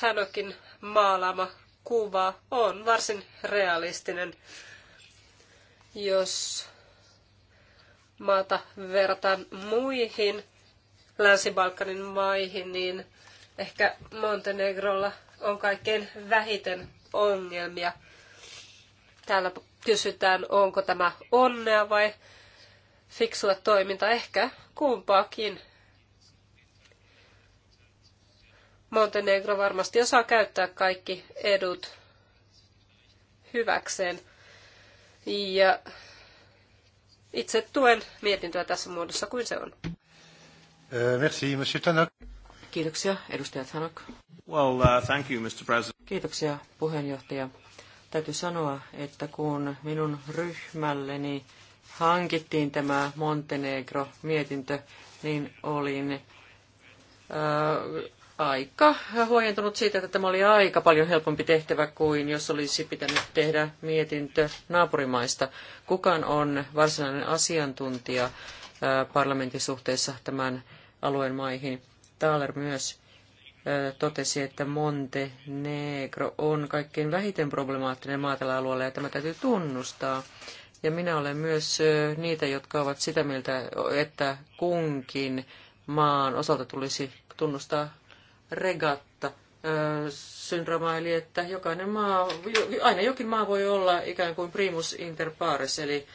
Tanokin maalaama kuva on varsin realistinen, jos maata verrataan muihin Länsi-Balkanin maihin, niin – Ehkä Montenegrolla on kaikkein vähiten ongelmia. Täällä kysytään, onko tämä onnea vai fiksua toiminta. Ehkä kumpaakin. Montenegro varmasti osaa käyttää kaikki edut hyväkseen. Ja itse tuen mietintöä tässä muodossa kuin se on. Eh, merci, monsieur Tanok. Kiitoksia, edustajat Hanok. Well, uh, thank you, Mr. President. Kiitoksia, puheenjohtaja. Täytyy sanoa, että kun minun ryhmälleni hankittiin tämä Montenegro-mietintö, niin olin äh, aika huojentunut siitä, että tämä oli aika paljon helpompi tehtävä kuin jos olisi pitänyt tehdä mietintö naapurimaista. Kukaan on varsinainen asiantuntija parlamentin suhteessa tämän alueen maihin. Thaler myös totesi, että Montenegro on kaikkein vähiten problemaattinen maatala alueella, ja tämä täytyy tunnustaa. Ja minä olen myös niitä, jotka ovat sitä mieltä, että kunkin maan osalta tulisi tunnustaa regatta syndrooma, eli että jokainen maa, aina jokin maa voi olla ikään kuin primus inter pares, eli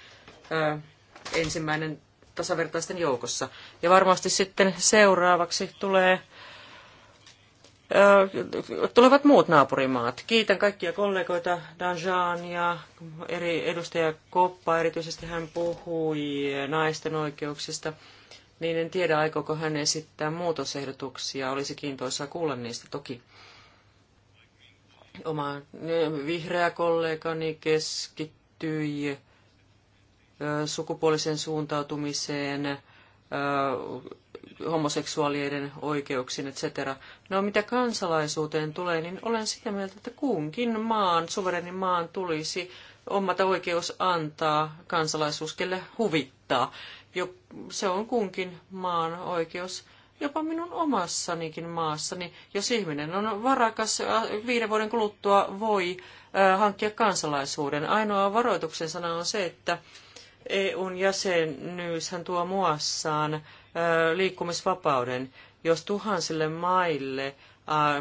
ensimmäinen tasavertaisten joukossa. Ja varmasti sitten seuraavaksi tulee tulevat muut naapurimaat. Kiitän kaikkia kollegoita, Danjaan ja eri edustaja Koppa, erityisesti hän puhui naisten oikeuksista. Niin en tiedä, aikooko hän esittää muutosehdotuksia. Olisi kiintoisaa kuulla niistä toki. Oma vihreä kollegani keskittyi sukupuoliseen suuntautumiseen, homoseksuaalien oikeuksiin, etc. No mitä kansalaisuuteen tulee, niin olen sitä mieltä, että kunkin maan, suverenin maan tulisi omata oikeus antaa kansalaisuus, kelle huvittaa. Jo, se on kunkin maan oikeus, jopa minun omassanikin maassani. Jos ihminen on varakas, viiden vuoden kuluttua voi hankkia kansalaisuuden. Ainoa varoituksen sana on se, että EUn jäsenyyshän tuo muassaan liikkumisvapauden. Jos tuhansille maille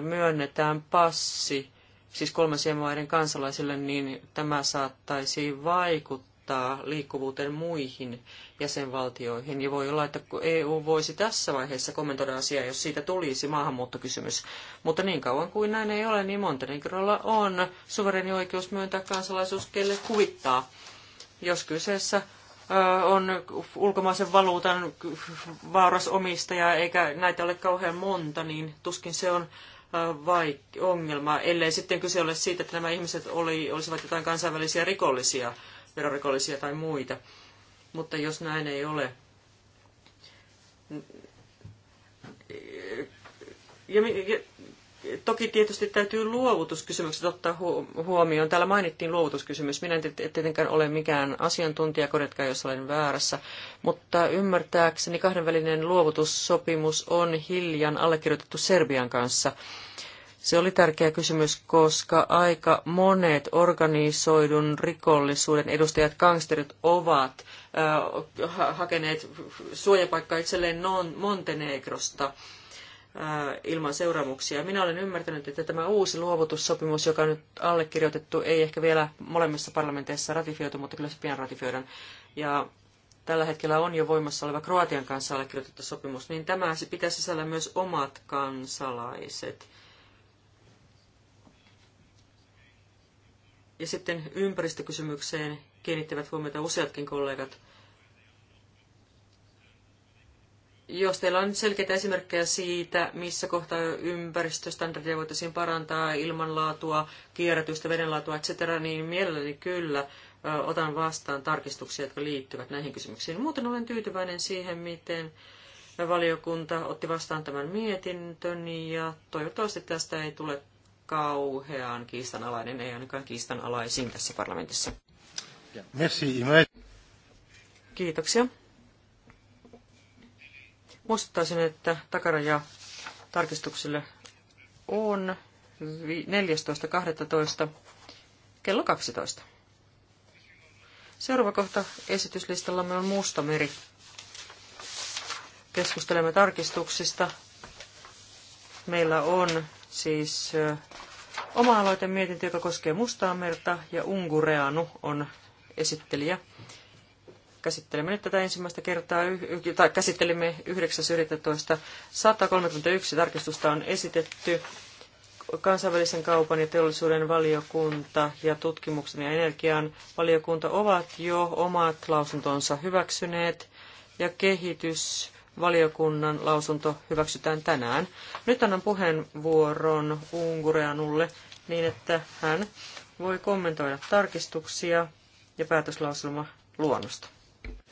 myönnetään passi, siis kolmansien maiden kansalaisille, niin tämä saattaisi vaikuttaa liikkuvuuteen muihin jäsenvaltioihin. Ja voi olla, että EU voisi tässä vaiheessa kommentoida asiaa, jos siitä tulisi maahanmuuttokysymys. Mutta niin kauan kuin näin ei ole, niin Montenegrolla on suvereni oikeus myöntää kansalaisuus, kelle kuvittaa. Jos kyseessä on ulkomaisen valuutan vaaras omistaja, eikä näitä ole kauhean monta, niin tuskin se on vai ongelma, ellei sitten kyse ole siitä, että nämä ihmiset oli, olisivat jotain kansainvälisiä rikollisia, verorikollisia tai muita. Mutta jos näin ei ole. Ja, ja, Toki tietysti täytyy luovutuskysymykset ottaa huomioon. Täällä mainittiin luovutuskysymys. Minä en tietenkään ole mikään asiantuntija, korjatkaa jos olen väärässä. Mutta ymmärtääkseni kahdenvälinen luovutussopimus on hiljan allekirjoitettu Serbian kanssa. Se oli tärkeä kysymys, koska aika monet organisoidun rikollisuuden edustajat, gangsterit, ovat äh, hakeneet suojapaikkaa itselleen non- Montenegrosta. Äh, ilman seuraamuksia. Minä olen ymmärtänyt, että tämä uusi luovutussopimus, joka on nyt allekirjoitettu, ei ehkä vielä molemmissa parlamenteissa ratifioitu, mutta kyllä se pian ratifioidaan. Ja tällä hetkellä on jo voimassa oleva Kroatian kanssa allekirjoitettu sopimus, niin tämä pitää sisällä myös omat kansalaiset. Ja sitten ympäristökysymykseen kiinnittävät huomiota useatkin kollegat – Jos teillä on selkeitä esimerkkejä siitä, missä kohtaa ympäristöstandardia voitaisiin parantaa, ilmanlaatua, kierrätystä, vedenlaatua, etc., niin mielelläni kyllä otan vastaan tarkistuksia, jotka liittyvät näihin kysymyksiin. Muuten olen tyytyväinen siihen, miten valiokunta otti vastaan tämän mietintön ja toivottavasti tästä ei tule kauhean kiistanalainen, ei ainakaan kiistanalaisin tässä parlamentissa. Merci. Kiitoksia. Muistuttaisin, että takaraja tarkistukselle on 14.12. kello 12. Seuraava kohta esityslistallamme on Mustameri. Keskustelemme tarkistuksista. Meillä on siis oma aloite mietintö, joka koskee Mustaa merta ja Ungureanu on esittelijä. Käsittelemme nyt tätä ensimmäistä kertaa, tai käsittelimme 9.11. 131 tarkistusta on esitetty. Kansainvälisen kaupan ja teollisuuden valiokunta ja tutkimuksen ja energian valiokunta ovat jo omat lausuntonsa hyväksyneet ja kehitysvaliokunnan lausunto hyväksytään tänään. Nyt annan puheenvuoron Ungureanulle niin, että hän voi kommentoida tarkistuksia ja päätöslauselma luonnosta.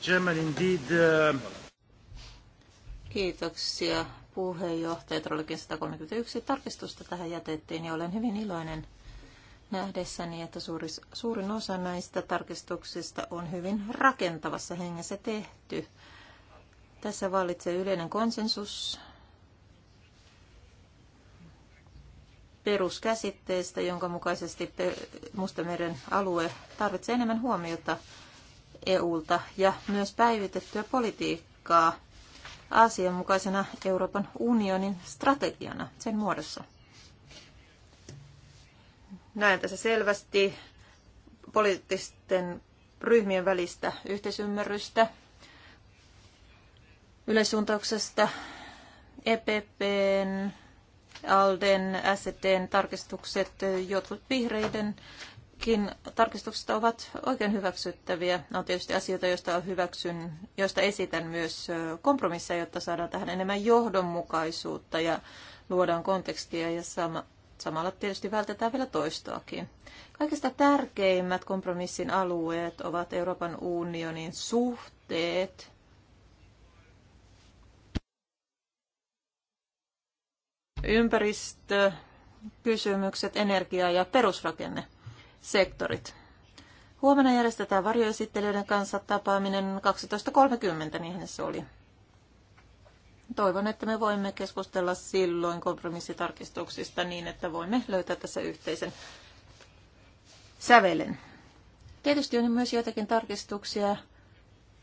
German indeed, uh, Kiitoksia puheenjohtaja. Todellakin 131 tarkistusta tähän jätettiin ja olen hyvin iloinen nähdessäni, että suuri, suurin osa näistä tarkistuksista on hyvin rakentavassa hengessä tehty. Tässä vallitsee yleinen konsensus peruskäsitteestä, jonka mukaisesti Mustameren alue tarvitsee enemmän huomiota EUlta ja myös päivitettyä politiikkaa asianmukaisena Euroopan unionin strategiana sen muodossa. Näen tässä selvästi poliittisten ryhmien välistä yhteisymmärrystä, yleissuuntauksesta, EPPn, ALDEn, SEDn tarkistukset, jotkut vihreiden Kaikkiin tarkistukset ovat oikein hyväksyttäviä. On tietysti asioita, joista, hyväksyn, joista esitän myös kompromisseja, jotta saadaan tähän enemmän johdonmukaisuutta ja luodaan kontekstia ja sama, samalla tietysti vältetään vielä toistoakin. Kaikista tärkeimmät kompromissin alueet ovat Euroopan unionin suhteet, ympäristö, kysymykset, energia ja perusrakenne sektorit. Huomenna järjestetään varjoesittelijöiden kanssa tapaaminen 12.30, niin se oli. Toivon, että me voimme keskustella silloin kompromissitarkistuksista niin, että voimme löytää tässä yhteisen sävelen. Tietysti on myös joitakin tarkistuksia,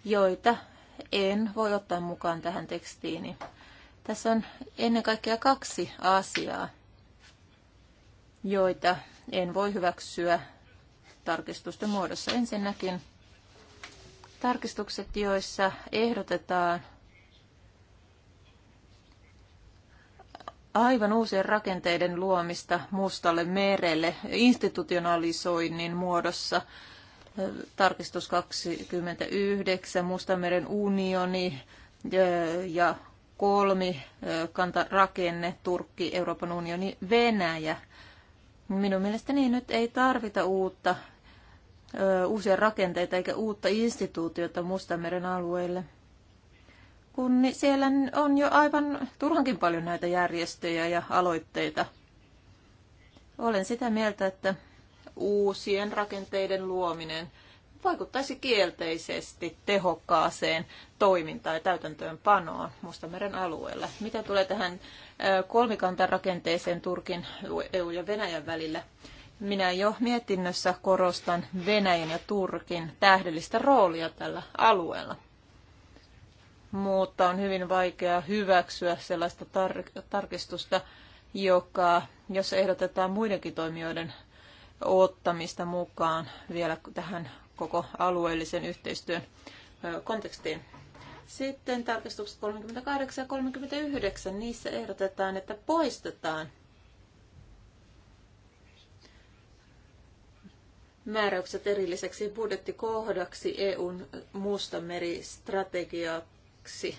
joita en voi ottaa mukaan tähän tekstiini. Tässä on ennen kaikkea kaksi asiaa, joita en voi hyväksyä tarkistusten muodossa. Ensinnäkin tarkistukset, joissa ehdotetaan aivan uusien rakenteiden luomista mustalle merelle institutionalisoinnin muodossa. Tarkistus 29, Mustameren unioni ja kolmi kantarakenne, Turkki, Euroopan unioni, Venäjä – Minun mielestäni nyt ei tarvita uutta, ö, uusia rakenteita eikä uutta instituutiota Mustanmeren alueelle, kun siellä on jo aivan turhankin paljon näitä järjestöjä ja aloitteita. Olen sitä mieltä, että uusien rakenteiden luominen – vaikuttaisi kielteisesti tehokkaaseen toimintaan ja täytäntöönpanoon Mustameren alueella. Mitä tulee tähän kolmikantarakenteeseen Turkin, EU ja Venäjän välillä? Minä jo mietinnössä korostan Venäjän ja Turkin tähdellistä roolia tällä alueella. Mutta on hyvin vaikea hyväksyä sellaista tar- tarkistusta, joka, jossa ehdotetaan muidenkin toimijoiden ottamista mukaan vielä tähän koko alueellisen yhteistyön kontekstiin. Sitten tarkistukset 38 ja 39, niissä ehdotetaan, että poistetaan määräykset erilliseksi budjettikohdaksi EUn mustameristrategiaksi.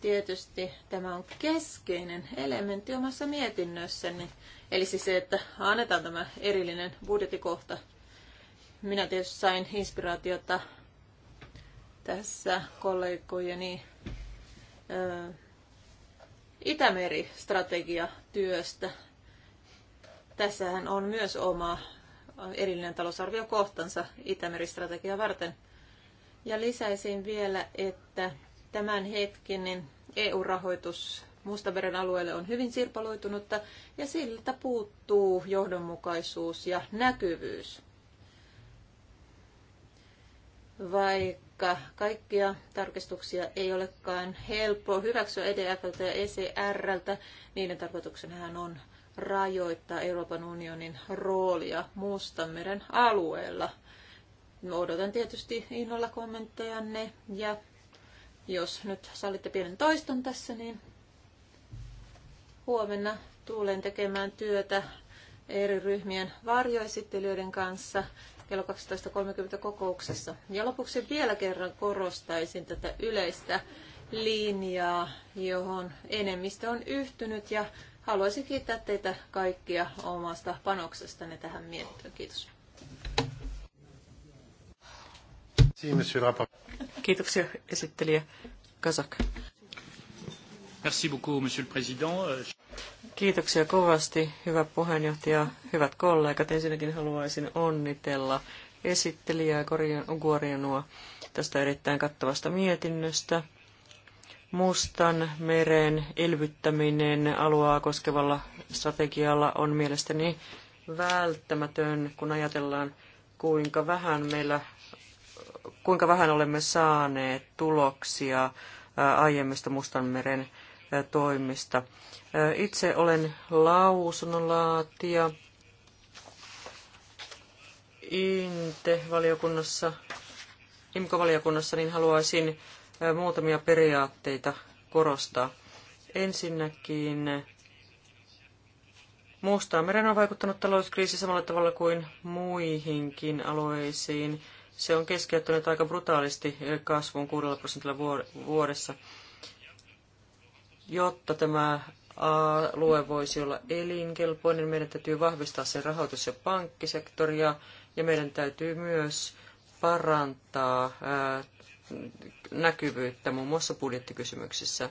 Tietysti tämä on keskeinen elementti omassa mietinnössäni, eli siis se, että annetaan tämä erillinen budjettikohta minä tietysti sain inspiraatiota tässä kollegojeni Itämeri-strategiatyöstä. Tässähän on myös oma erillinen talousarvio kohtansa itämeri strategia varten. Ja lisäisin vielä, että tämän hetkinen EU-rahoitus Mustameren alueelle on hyvin sirpaloitunutta ja siltä puuttuu johdonmukaisuus ja näkyvyys. Vaikka kaikkia tarkistuksia ei olekaan helppo hyväksyä EDFltä ja ECRltä, niiden tarkoituksenahan on rajoittaa Euroopan unionin roolia Mustanmeren alueella. No, odotan tietysti innolla kommenttejanne ja jos nyt sallitte pienen toiston tässä, niin huomenna tulen tekemään työtä eri ryhmien varjoesittelijöiden kanssa kello 12.30 kokouksessa. Ja lopuksi vielä kerran korostaisin tätä yleistä linjaa, johon enemmistö on yhtynyt ja haluaisin kiittää teitä kaikkia omasta panoksestanne tähän mietintöön. Kiitos. Kiitoksia esittelijä Kazak. Merci beaucoup, monsieur le président. Kiitoksia kovasti, hyvä puheenjohtaja, hyvät kollegat. Ensinnäkin haluaisin onnitella esittelijää Guorianua tästä erittäin kattavasta mietinnöstä. Mustan meren elvyttäminen alueaa koskevalla strategialla on mielestäni välttämätön, kun ajatellaan, kuinka vähän meillä, kuinka vähän olemme saaneet tuloksia aiemmista Mustanmeren toimista. Itse olen lausunnonlaatija INTE-valiokunnassa, IMKO-valiokunnassa, niin haluaisin muutamia periaatteita korostaa. Ensinnäkin Mustaan meren on vaikuttanut talouskriisi samalla tavalla kuin muihinkin alueisiin. Se on keskeyttänyt aika brutaalisti kasvun 6 prosentilla vuodessa. Jotta tämä alue voisi olla elinkelpoinen, meidän täytyy vahvistaa sen rahoitus- ja pankkisektoria ja meidän täytyy myös parantaa näkyvyyttä muun muassa budjettikysymyksissä.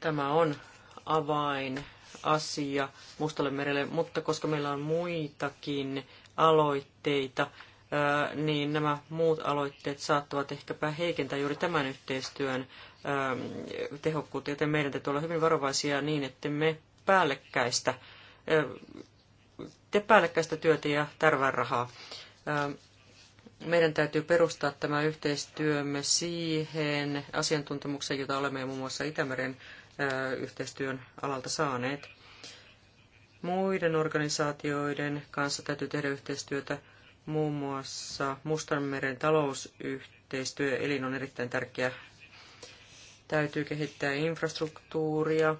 Tämä on avain asia Mustalle merelle, mutta koska meillä on muitakin aloitteita, niin nämä muut aloitteet saattavat ehkäpä heikentää juuri tämän yhteistyön tehokkuutta, joten meidän täytyy olla hyvin varovaisia niin, että me päällekkäistä, te päällekkäistä työtä ja tärvää rahaa. Meidän täytyy perustaa tämä yhteistyömme siihen asiantuntemukseen, jota olemme muun muassa Itämeren yhteistyön alalta saaneet. Muiden organisaatioiden kanssa täytyy tehdä yhteistyötä Muun muassa Mustanmeren talousyhteistyöelin on erittäin tärkeä. Täytyy kehittää infrastruktuuria.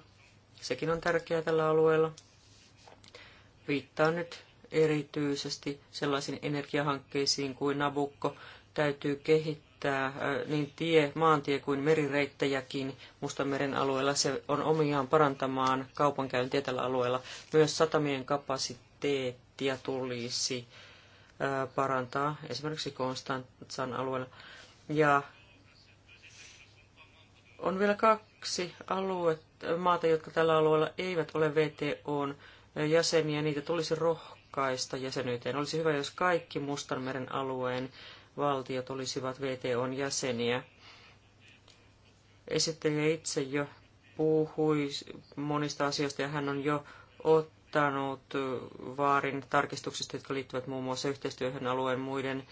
Sekin on tärkeää tällä alueella. Viittaan nyt erityisesti sellaisiin energiahankkeisiin kuin Nabukko. Täytyy kehittää äh, niin tie, maantie kuin merireittäjäkin Mustanmeren alueella. Se on omiaan parantamaan kaupankäyntiä tällä alueella. Myös satamien kapasiteettia tulisi parantaa, esimerkiksi Konstantsan alueella. Ja on vielä kaksi aluetta, maata, jotka tällä alueella eivät ole VTOn jäseniä, niitä tulisi rohkaista jäsenyyteen. Olisi hyvä, jos kaikki Mustanmeren alueen valtiot olisivat VTOn jäseniä. Esittelijä itse jo puhui monista asioista ja hän on jo ottanut ottanut vaarin tarkistuksista, jotka liittyvät muun muassa yhteistyöhön alueen muiden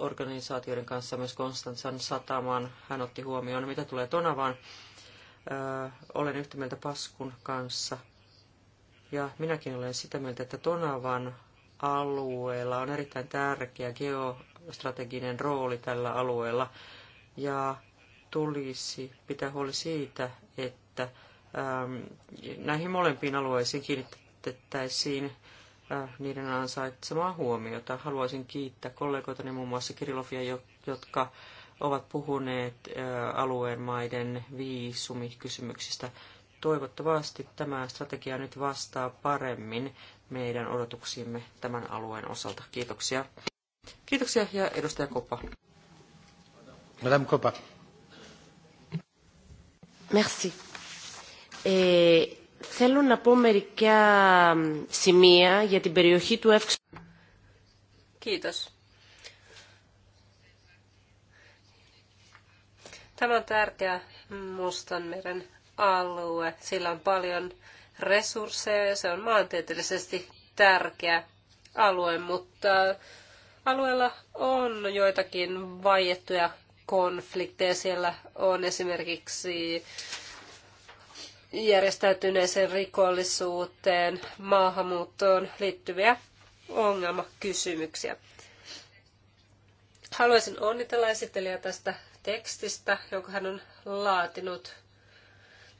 organisaatioiden kanssa, myös Konstantsan satamaan. Hän otti huomioon, mitä tulee Tonavaan. olen yhtä mieltä Paskun kanssa. Ja minäkin olen sitä mieltä, että Tonavan alueella on erittäin tärkeä geostrateginen rooli tällä alueella. Ja tulisi pitää huoli siitä, että Ähm, näihin molempiin alueisiin kiinnitettäisiin äh, niiden ansaitsemaa huomiota. Haluaisin kiittää kollegoitani muun muassa Kirilofia, jotka ovat puhuneet äh, alueen maiden viisumikysymyksistä. Toivottavasti tämä strategia nyt vastaa paremmin meidän odotuksiimme tämän alueen osalta. Kiitoksia. Kiitoksia ja edustaja Kopa. Madame Kopa. Merci. Ε, θέλω να πω μερικά σημεία για την περιοχή του Εύξου. Κοίτας. Tämä on tärkeä Mustanmeren alue. Sillä on paljon resursseja ja se on maantieteellisesti tärkeä alue, mutta alueella on joitakin vaiettuja konflikteja. Siellä on esimerkiksi järjestäytyneeseen rikollisuuteen, maahanmuuttoon liittyviä ongelmakysymyksiä. Haluaisin onnitella esittelijä tästä tekstistä, jonka hän on laatinut.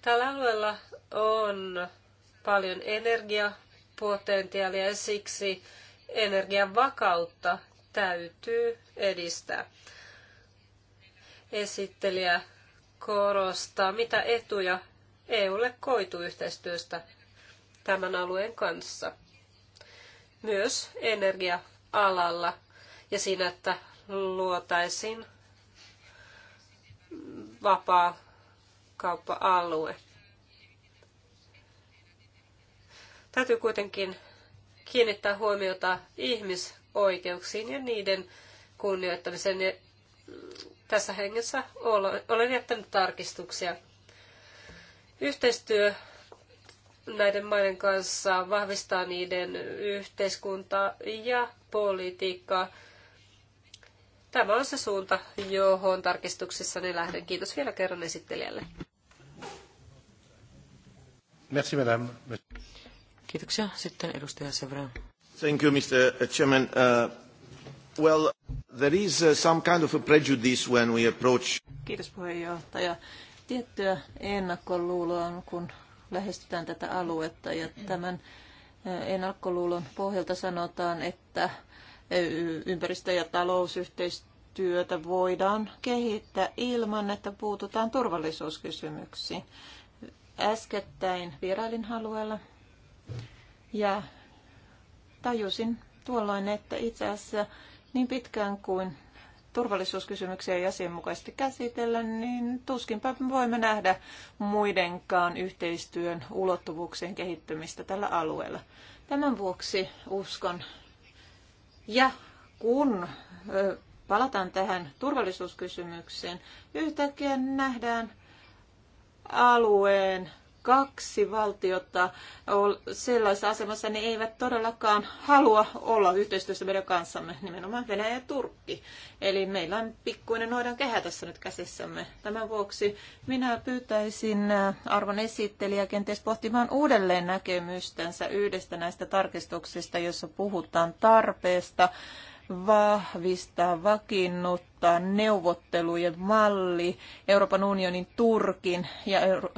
Tällä alueella on paljon energiapotentiaalia ja siksi energian vakautta täytyy edistää. Esittelijä korostaa, mitä etuja EUlle koituu yhteistyöstä tämän alueen kanssa. Myös energia-alalla ja siinä, että luotaisiin vapaa kauppa-alue. Täytyy kuitenkin kiinnittää huomiota ihmisoikeuksiin ja niiden kunnioittamiseen. tässä hengessä olen jättänyt tarkistuksia Yhteistyö näiden maiden kanssa vahvistaa niiden yhteiskuntaa ja politiikkaa. Tämä on se suunta, johon tarkistuksissani lähden. Kiitos vielä kerran esittelijälle. Merci, madame. Kiitoksia. Sitten edustaja Severin. Thank you, Mr. Uh, chairman. Uh, well, there is uh, some kind of a prejudice when we approach... Kiitos puheenjohtaja tiettyä ennakkoluuloa, kun lähestytään tätä aluetta. Ja tämän eh, ennakkoluulon pohjalta sanotaan, että eh, ympäristö- ja talousyhteistyötä voidaan kehittää ilman, että puututaan turvallisuuskysymyksiin. Äskettäin vierailin alueella ja tajusin tuolloin, että itse asiassa niin pitkään kuin turvallisuuskysymyksiä jäsenmukaisesti käsitellä, niin tuskinpä voimme nähdä muidenkaan yhteistyön ulottuvuuksien kehittymistä tällä alueella. Tämän vuoksi uskon, ja kun palataan tähän turvallisuuskysymykseen, yhtäkkiä nähdään alueen kaksi valtiota sellaisessa asemassa, ne niin eivät todellakaan halua olla yhteistyössä meidän kanssamme, nimenomaan Venäjä ja Turkki. Eli meillä on pikkuinen noidan kehä tässä nyt käsissämme. Tämän vuoksi minä pyytäisin äh, arvon esittelijä kenties pohtimaan uudelleen näkemystänsä yhdestä näistä tarkistuksista, jossa puhutaan tarpeesta vahvistaa, vakiinnuttaa neuvottelujen malli Euroopan unionin Turkin ja Euro-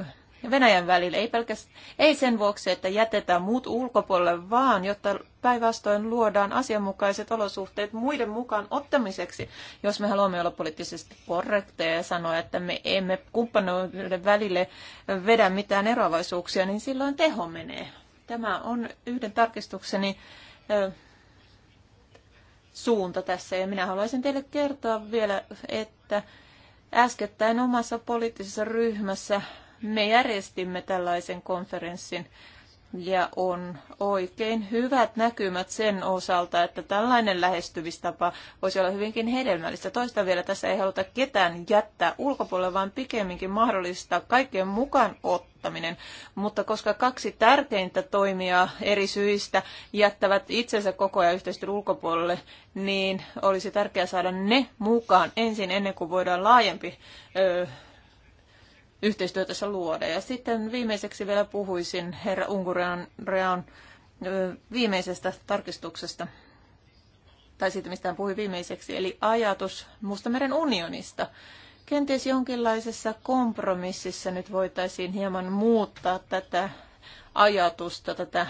ja Venäjän välille. Ei, pelkästään, ei sen vuoksi, että jätetään muut ulkopuolelle, vaan jotta päinvastoin luodaan asianmukaiset olosuhteet muiden mukaan ottamiseksi, jos me haluamme olla poliittisesti korrekteja ja sanoa, että me emme kumppanuuden välille vedä mitään eroavaisuuksia, niin silloin teho menee. Tämä on yhden tarkistukseni suunta tässä. Ja minä haluaisin teille kertoa vielä, että äskettäin omassa poliittisessa ryhmässä me järjestimme tällaisen konferenssin ja on oikein hyvät näkymät sen osalta, että tällainen lähestymistapa voisi olla hyvinkin hedelmällistä. Toista vielä tässä ei haluta ketään jättää ulkopuolelle, vaan pikemminkin mahdollistaa kaikkien mukaan ottaminen. Mutta koska kaksi tärkeintä toimia eri syistä jättävät itsensä koko ajan yhteistyön ulkopuolelle, niin olisi tärkeää saada ne mukaan ensin ennen kuin voidaan laajempi ö, yhteistyötä luoda. Ja sitten viimeiseksi vielä puhuisin herra Unkurean Rean viimeisestä tarkistuksesta, tai siitä, mistä hän puhui viimeiseksi, eli ajatus Mustameren unionista. Kenties jonkinlaisessa kompromississa nyt voitaisiin hieman muuttaa tätä ajatusta, tätä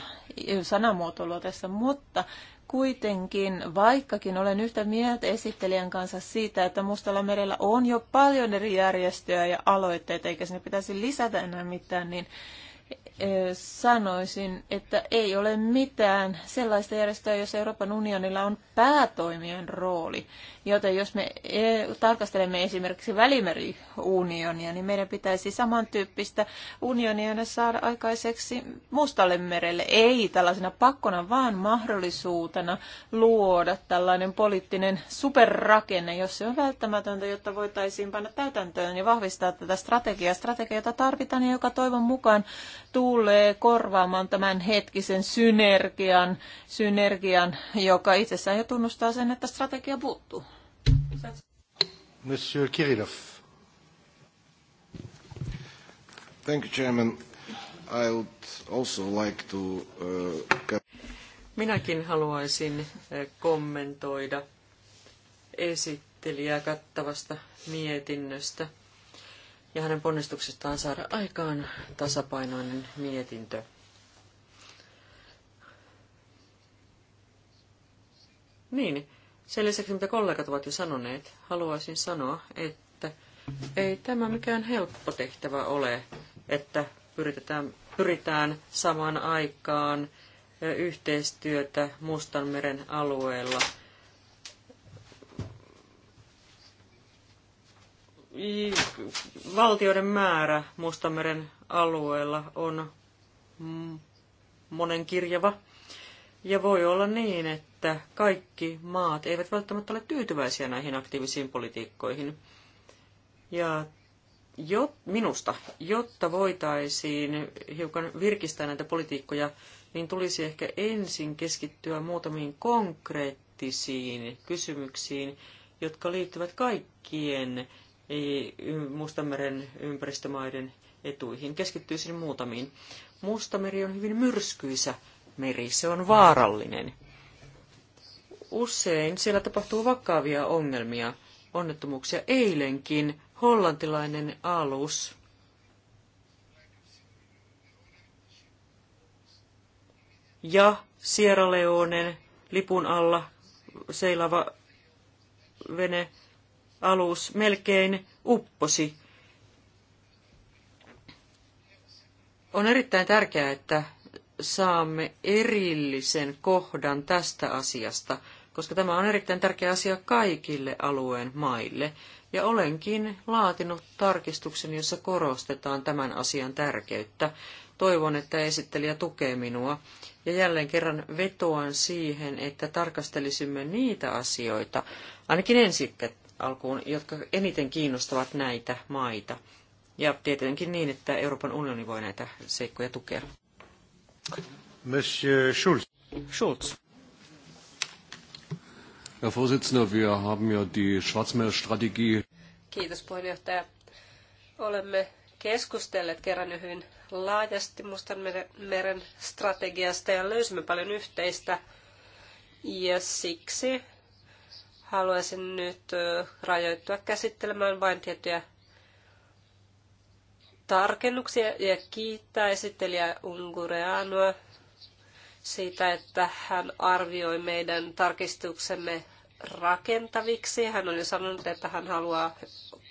sanamuotoilua tässä, mutta Kuitenkin, vaikkakin olen yhtä mieltä esittelijän kanssa siitä, että Mustalla merellä on jo paljon eri järjestöjä ja aloitteita, eikä sinne pitäisi lisätä enää mitään, niin eh, sanoisin, että ei ole mitään sellaista järjestöä, jossa Euroopan unionilla on päätoimijan rooli. Joten jos me e, tarkastelemme esimerkiksi välimeriunionia, niin meidän pitäisi samantyyppistä unionia saada aikaiseksi Mustalle merelle. Ei tällaisena pakkona, vaan mahdollisuutena luoda tällainen poliittinen superrakenne, jos se on välttämätöntä, jotta voitaisiin panna täytäntöön ja vahvistaa tätä strategiaa. Strategiaa, jota tarvitaan ja joka toivon mukaan tulee korvaamaan tämän hetkisen synergian, synergian joka itsessään jo tunnustaa sen, että strategia puuttuu. Monsieur Kirillov. Thank you, Chairman. I would also like to, uh... Minäkin haluaisin eh, kommentoida esittelijää kattavasta mietinnöstä ja hänen ponnistuksestaan saada aikaan tasapainoinen mietintö. Niin, sen lisäksi, mitä kollegat ovat jo sanoneet, haluaisin sanoa, että ei tämä mikään helppo tehtävä ole, että pyritetään, pyritään samaan aikaan yhteistyötä Mustanmeren alueella. Valtioiden määrä Mustanmeren alueella on monenkirjava. Ja voi olla niin, että että kaikki maat eivät välttämättä ole tyytyväisiä näihin aktiivisiin politiikkoihin. Ja jo, minusta, jotta voitaisiin hiukan virkistää näitä politiikkoja, niin tulisi ehkä ensin keskittyä muutamiin konkreettisiin kysymyksiin, jotka liittyvät kaikkien Mustanmeren ympäristömaiden etuihin. Keskittyisin muutamiin. Mustameri on hyvin myrskyisä meri, se on vaarallinen usein siellä tapahtuu vakavia ongelmia, onnettomuuksia. Eilenkin hollantilainen alus ja Sierra Leonen lipun alla seilava vene alus melkein upposi. On erittäin tärkeää, että saamme erillisen kohdan tästä asiasta – koska tämä on erittäin tärkeä asia kaikille alueen maille. Ja olenkin laatinut tarkistuksen, jossa korostetaan tämän asian tärkeyttä. Toivon, että esittelijä tukee minua. Ja jälleen kerran vetoan siihen, että tarkastelisimme niitä asioita, ainakin ensi alkuun, jotka eniten kiinnostavat näitä maita. Ja tietenkin niin, että Euroopan unioni voi näitä seikkoja tukea. Monsieur Schulz. Schulz. Herr Vorsitzender, wir haben ja die Schwarzmeerstrategie. Kiitos puheenjohtaja. Olemme keskustelleet kerran jo hyvin laajasti Mustanmeren strategiasta ja löysimme paljon yhteistä. Ja siksi haluaisin nyt rajoittua käsittelemään vain tiettyjä tarkennuksia ja kiittää esittelijä Ungureanoa siitä, että hän arvioi meidän tarkistuksemme rakentaviksi. Hän on jo sanonut, että hän haluaa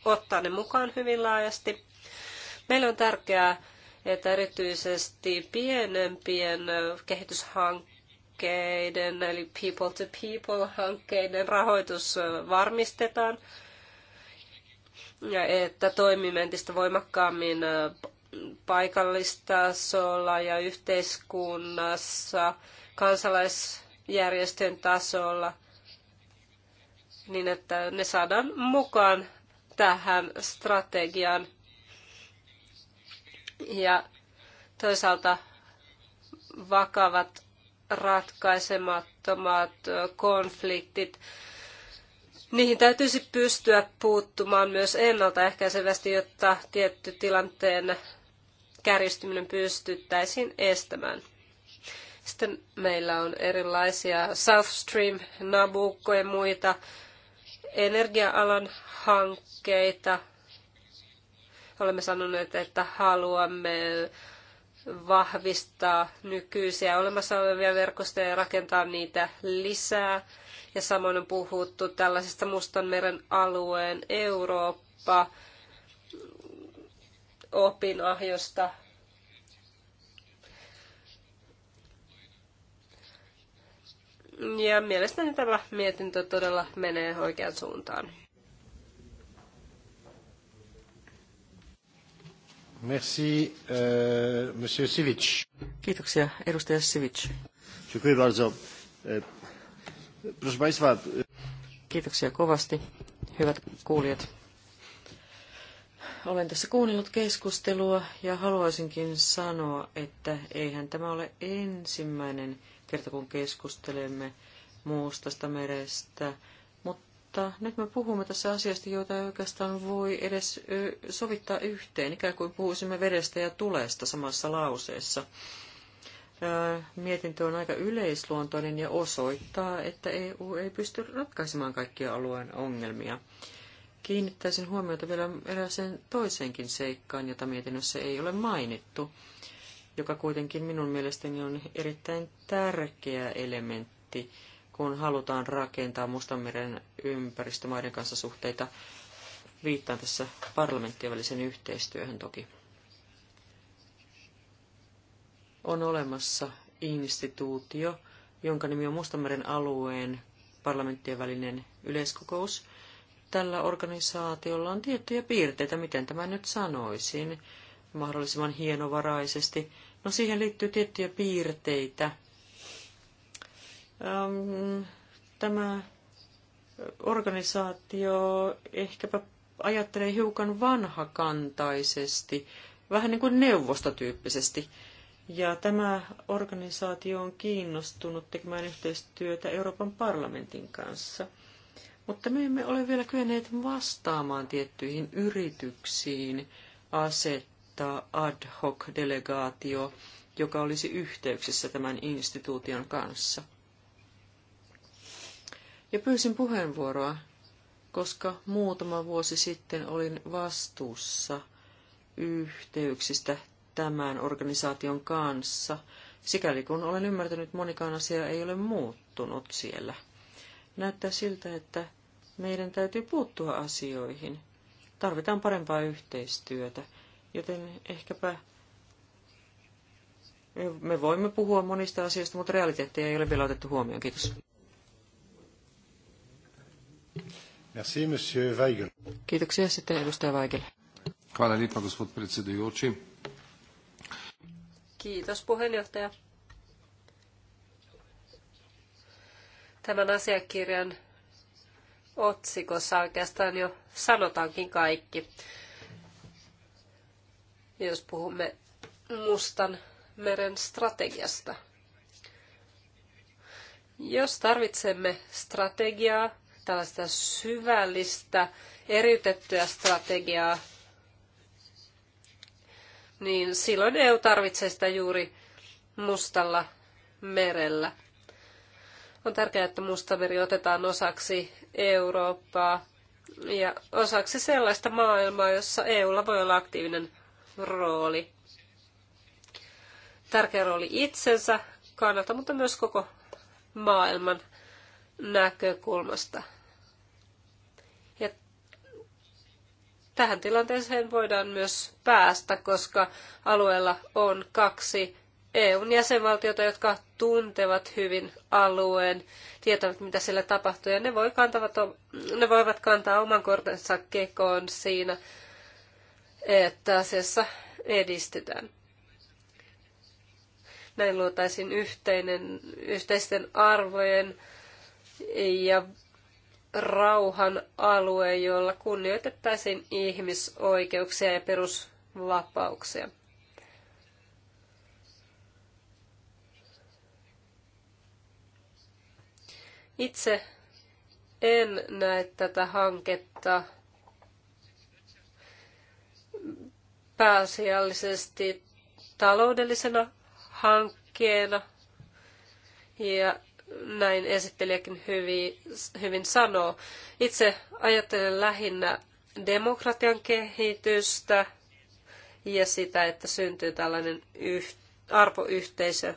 ottaa ne mukaan hyvin laajasti. Meillä on tärkeää, että erityisesti pienempien kehityshankkeiden, eli people to people hankkeiden rahoitus varmistetaan ja että toimimme entistä voimakkaammin paikallistasolla ja yhteiskunnassa, kansalaisjärjestön tasolla – niin että ne saadaan mukaan tähän strategiaan. Ja toisaalta vakavat ratkaisemattomat konfliktit, niihin täytyisi pystyä puuttumaan myös ennaltaehkäisevästi, jotta tietty tilanteen kärjistyminen pystyttäisiin estämään. Sitten meillä on erilaisia South Stream, Nabucco ja muita energia-alan hankkeita. Olemme sanoneet, että haluamme vahvistaa nykyisiä olemassa olevia verkostoja ja rakentaa niitä lisää. Ja samoin on puhuttu tällaisesta Mustanmeren alueen Eurooppa opinahjosta Ja mielestäni tämä mietintö todella menee oikeaan suuntaan. Merci, euh, monsieur Sivic. Kiitoksia, edustaja Sivic. Dziękuję bardzo. E, proszę Państwa. E, Kiitoksia kovasti, hyvät kuulijat. Olen tässä kuunnellut keskustelua ja haluaisinkin sanoa, että eihän tämä ole ensimmäinen kerta, kun keskustelemme Muustasta merestä. Mutta nyt me puhumme tässä asiasta, joita ei oikeastaan voi edes sovittaa yhteen, ikään kuin puhuisimme vedestä ja tulesta samassa lauseessa. Mietintö on aika yleisluontoinen ja osoittaa, että EU ei pysty ratkaisemaan kaikkia alueen ongelmia. Kiinnittäisin huomiota vielä erääseen toiseenkin seikkaan, jota mietinnössä ei ole mainittu, joka kuitenkin minun mielestäni on erittäin tärkeä elementti kun halutaan rakentaa Mustanmeren ympäristömaiden kanssa suhteita. Viittaan tässä parlamenttien välisen yhteistyöhön toki. On olemassa instituutio, jonka nimi on Mustanmeren alueen parlamenttien välinen yleiskokous. Tällä organisaatiolla on tiettyjä piirteitä, miten tämä nyt sanoisin, mahdollisimman hienovaraisesti. No siihen liittyy tiettyjä piirteitä, tämä organisaatio ehkäpä ajattelee hiukan vanhakantaisesti, vähän niin kuin neuvostotyyppisesti. Ja tämä organisaatio on kiinnostunut tekemään yhteistyötä Euroopan parlamentin kanssa. Mutta me emme ole vielä kyenneet vastaamaan tiettyihin yrityksiin asettaa ad hoc delegaatio, joka olisi yhteyksissä tämän instituution kanssa – ja pyysin puheenvuoroa, koska muutama vuosi sitten olin vastuussa yhteyksistä tämän organisaation kanssa, sikäli kun olen ymmärtänyt, monikaan asia ei ole muuttunut siellä. Näyttää siltä, että meidän täytyy puuttua asioihin. Tarvitaan parempaa yhteistyötä, joten ehkäpä me voimme puhua monista asioista, mutta realiteetteja ei ole vielä otettu huomioon. Kiitos. Merci, monsieur Weigel. Kiitoksia sitten edustaja Weigel. Hvala lipa, gospod predsedujoči. Kiitos puheenjohtaja. Tämän asiakirjan otsikossa oikeastaan jo sanotaankin kaikki. Jos puhumme Mustan meren strategiasta. Jos tarvitsemme strategiaa, tällaista syvällistä, eriytettyä strategiaa, niin silloin EU tarvitsee sitä juuri mustalla merellä. On tärkeää, että Mustameri otetaan osaksi Eurooppaa ja osaksi sellaista maailmaa, jossa EUlla voi olla aktiivinen rooli. Tärkeä rooli itsensä kannalta, mutta myös koko maailman näkökulmasta. Tähän tilanteeseen voidaan myös päästä, koska alueella on kaksi EUn jäsenvaltiota, jotka tuntevat hyvin alueen, tietävät mitä siellä tapahtuu ja ne, voi kantavat, ne voivat kantaa oman kortensa kekoon siinä, että asiassa edistytään. Näin luotaisiin yhteinen, yhteisten arvojen ja rauhan alue, jolla kunnioitettaisiin ihmisoikeuksia ja perusvapauksia. Itse en näe tätä hanketta pääasiallisesti taloudellisena hankkeena ja näin esittelijäkin hyvin, hyvin sanoo. Itse ajattelen lähinnä demokratian kehitystä ja sitä, että syntyy tällainen arvoyhteisö.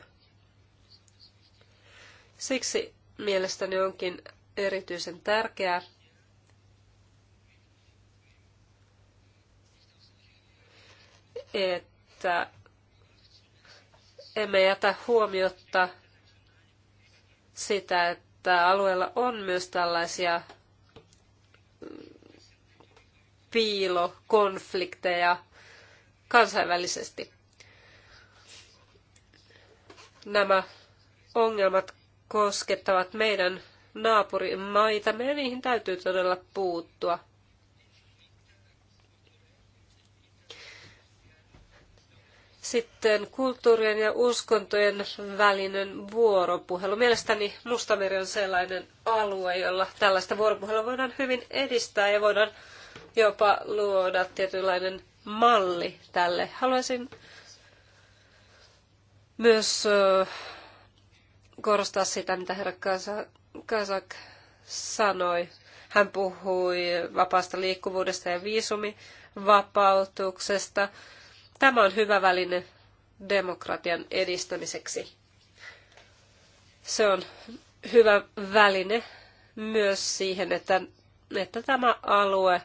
Siksi mielestäni onkin erityisen tärkeää, että emme jätä huomiota sitä, että alueella on myös tällaisia mm, piilokonflikteja kansainvälisesti. Nämä ongelmat koskettavat meidän naapurimaitamme ja niihin täytyy todella puuttua. Sitten kulttuurien ja uskontojen välinen vuoropuhelu. Mielestäni Mustameri on sellainen alue, jolla tällaista vuoropuhelua voidaan hyvin edistää ja voidaan jopa luoda tietynlainen malli tälle. Haluaisin myös korostaa sitä, mitä herra Kasak sanoi. Hän puhui vapaasta liikkuvuudesta ja viisumivapautuksesta. vapautuksesta Tämä on hyvä väline demokratian edistämiseksi. Se on hyvä väline myös siihen, että, että tämä alue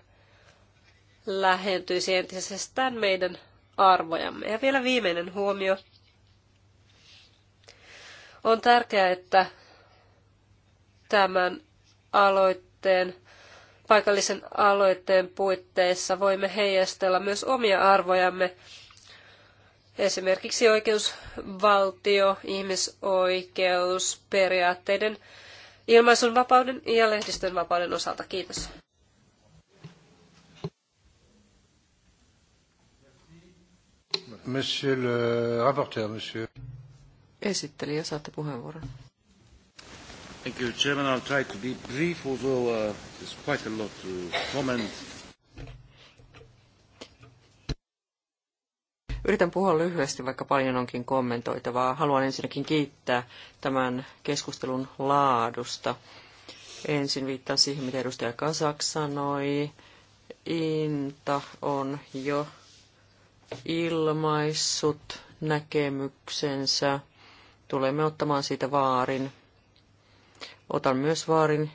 lähentyisi entisestään meidän arvojamme. Ja vielä viimeinen huomio. On tärkeää, että tämän aloitteen, paikallisen aloitteen puitteissa voimme heijastella myös omia arvojamme Esimerkiksi oikeusvaltio, ihmisoikeus, periaatteiden, ilmaisunvapauden ja lehdistön vapauden osalta. Kiitos. Monsieur le rapporteur, monsieur. Esittelijä, saatte puheenvuoron. Thank you, Chairman. I'll try to be brief, although uh, there's quite a lot to comment. Yritän puhua lyhyesti, vaikka paljon onkin kommentoitavaa. Haluan ensinnäkin kiittää tämän keskustelun laadusta. Ensin viittaan siihen, mitä edustaja Kasak sanoi. Inta on jo ilmaissut näkemyksensä. Tulemme ottamaan siitä vaarin. Otan myös vaarin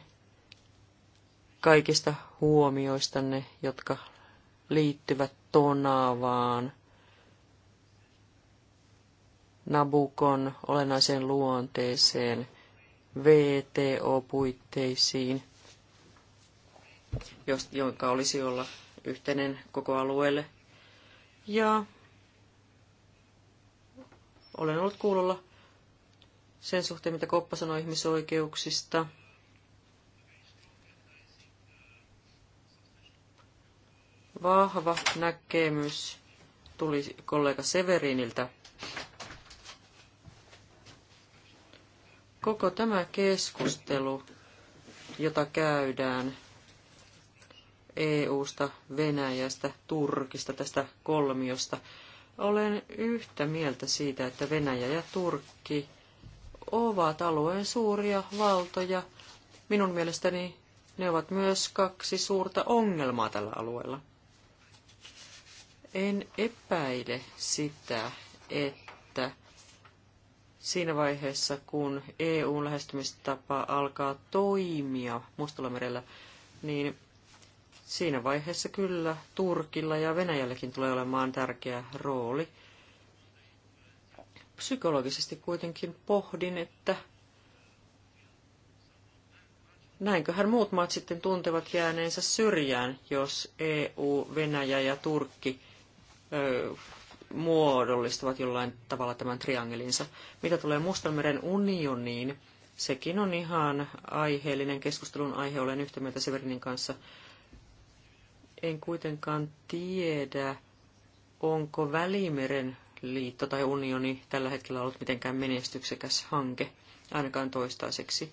kaikista huomioistanne, jotka liittyvät tonavaan. Nabukon olennaiseen luonteeseen, VTO-puitteisiin, jonka olisi olla yhteinen koko alueelle. Ja olen ollut kuulolla sen suhteen, mitä Koppa sanoi ihmisoikeuksista. Vahva näkemys tuli kollega Severiniltä Koko tämä keskustelu, jota käydään EUsta, Venäjästä, Turkista, tästä kolmiosta, olen yhtä mieltä siitä, että Venäjä ja Turkki ovat alueen suuria valtoja. Minun mielestäni ne ovat myös kaksi suurta ongelmaa tällä alueella. En epäile sitä, että siinä vaiheessa, kun EUn lähestymistapa alkaa toimia Mustalla niin siinä vaiheessa kyllä Turkilla ja Venäjälläkin tulee olemaan tärkeä rooli. Psykologisesti kuitenkin pohdin, että näinköhän muut maat sitten tuntevat jääneensä syrjään, jos EU, Venäjä ja Turkki muodollistavat jollain tavalla tämän triangelinsa. Mitä tulee Mustanmeren unioniin, sekin on ihan aiheellinen keskustelun aihe, olen yhtä mieltä Severinin kanssa. En kuitenkaan tiedä, onko Välimeren liitto tai unioni tällä hetkellä ollut mitenkään menestyksekäs hanke, ainakaan toistaiseksi.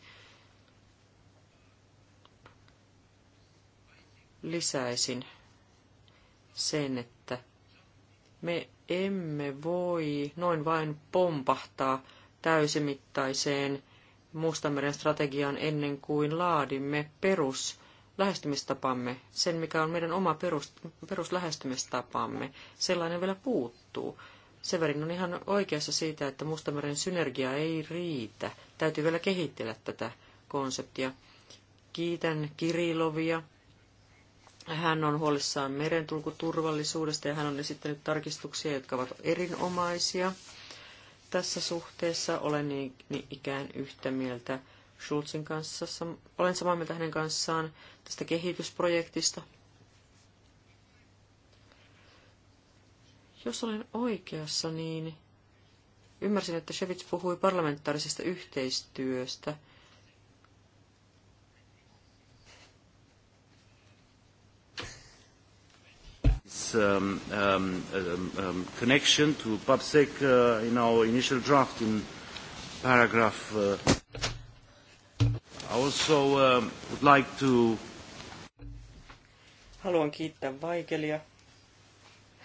Lisäisin sen, että me emme voi noin vain pompahtaa täysimittaiseen Mustanmeren strategiaan ennen kuin laadimme perus lähestymistapamme, sen mikä on meidän oma perus, peruslähestymistapamme, sellainen vielä puuttuu. Severin on ihan oikeassa siitä, että Mustameren synergia ei riitä. Täytyy vielä kehitellä tätä konseptia. Kiitän Kirilovia hän on huolissaan merentulkuturvallisuudesta ja hän on esittänyt tarkistuksia, jotka ovat erinomaisia. Tässä suhteessa olen niin, niin ikään yhtä mieltä Schulzin kanssa. Olen samaa mieltä hänen kanssaan tästä kehitysprojektista. Jos olen oikeassa, niin ymmärsin, että Shevits puhui parlamentaarisesta yhteistyöstä – its um, um, um, um, connection to PubSec uh, in our initial draft in paragraph. Uh, I also uh, would like to Haluan kiittää Vaikelia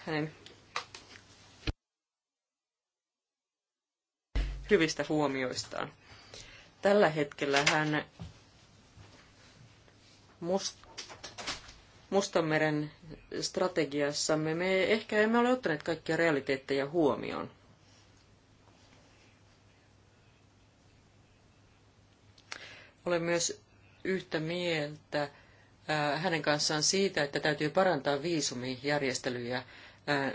hänen hyvistä huomioistaan. Tällä hetkellä hän must, Mustanmeren strategiassamme me ehkä emme ole ottaneet kaikkia realiteetteja huomioon. Olen myös yhtä mieltä äh, hänen kanssaan siitä, että täytyy parantaa viisumijärjestelyjä äh,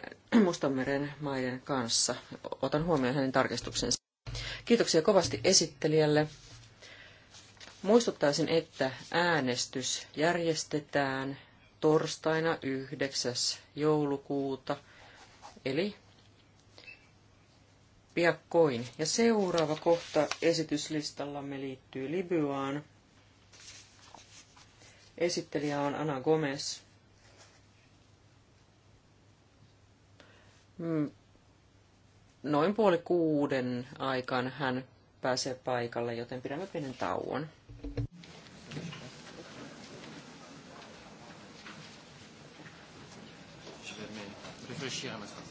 Mustanmeren maiden kanssa. Otan huomioon hänen tarkistuksensa. Kiitoksia kovasti esittelijälle. Muistuttaisin, että äänestys järjestetään torstaina 9. joulukuuta, eli piakkoin. Ja seuraava kohta esityslistallamme liittyy Libyaan. Esittelijä on Ana Gomez. Mm. Noin puoli kuuden aikaan hän pääsee paikalle, joten pidämme pienen tauon. réfléchir un instant.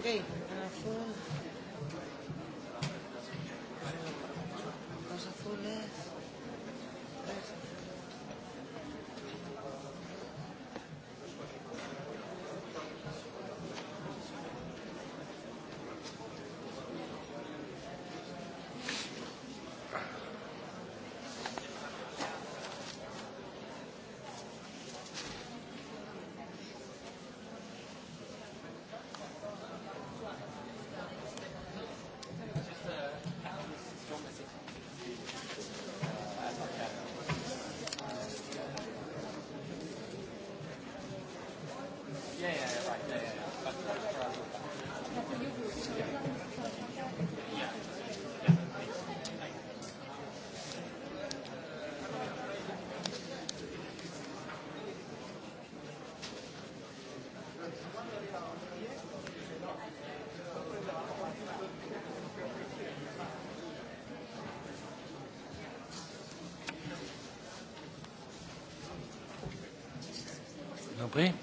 Okay. compris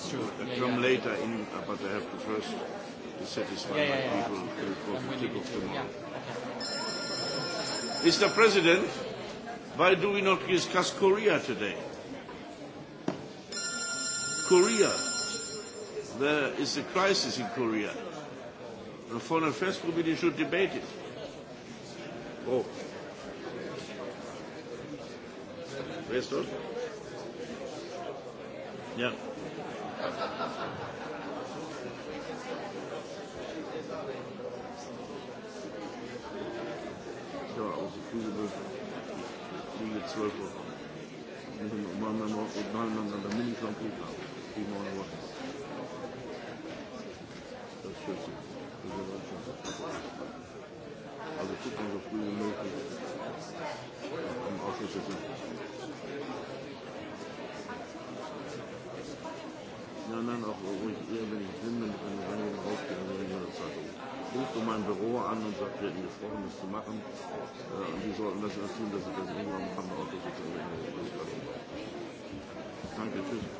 that's true. Yeah, yeah, come yeah. later in, uh, but I have to first to satisfy yeah, yeah, my yeah, people yeah, before and we kick off tomorrow. Yeah. Okay. Mr. President, why do we not discuss Korea today? Korea. There is a crisis in Korea. The Foreign Affairs Committee should debate it. Oh. Where's that? Yeah zwölf Uhr. Mal mal mal und mal mal mal mini Grand Prix fahren. Die morgen Woche. Das ist schön. Das ist Also so früh wie möglich. Am Ausschuss ist es. Nein, nein, auch ruhig oh, eher, wenn ich bin, wenn ich in die Reinigung rausgehe, dann nehme ich meine Zeitung. rufe du mein Büro an und sagst, wir hätten gesprochen, das zu machen. Äh, und die sollten das erst tun, dass sie das irgendwann am Auto sozusagen Danke, tschüss.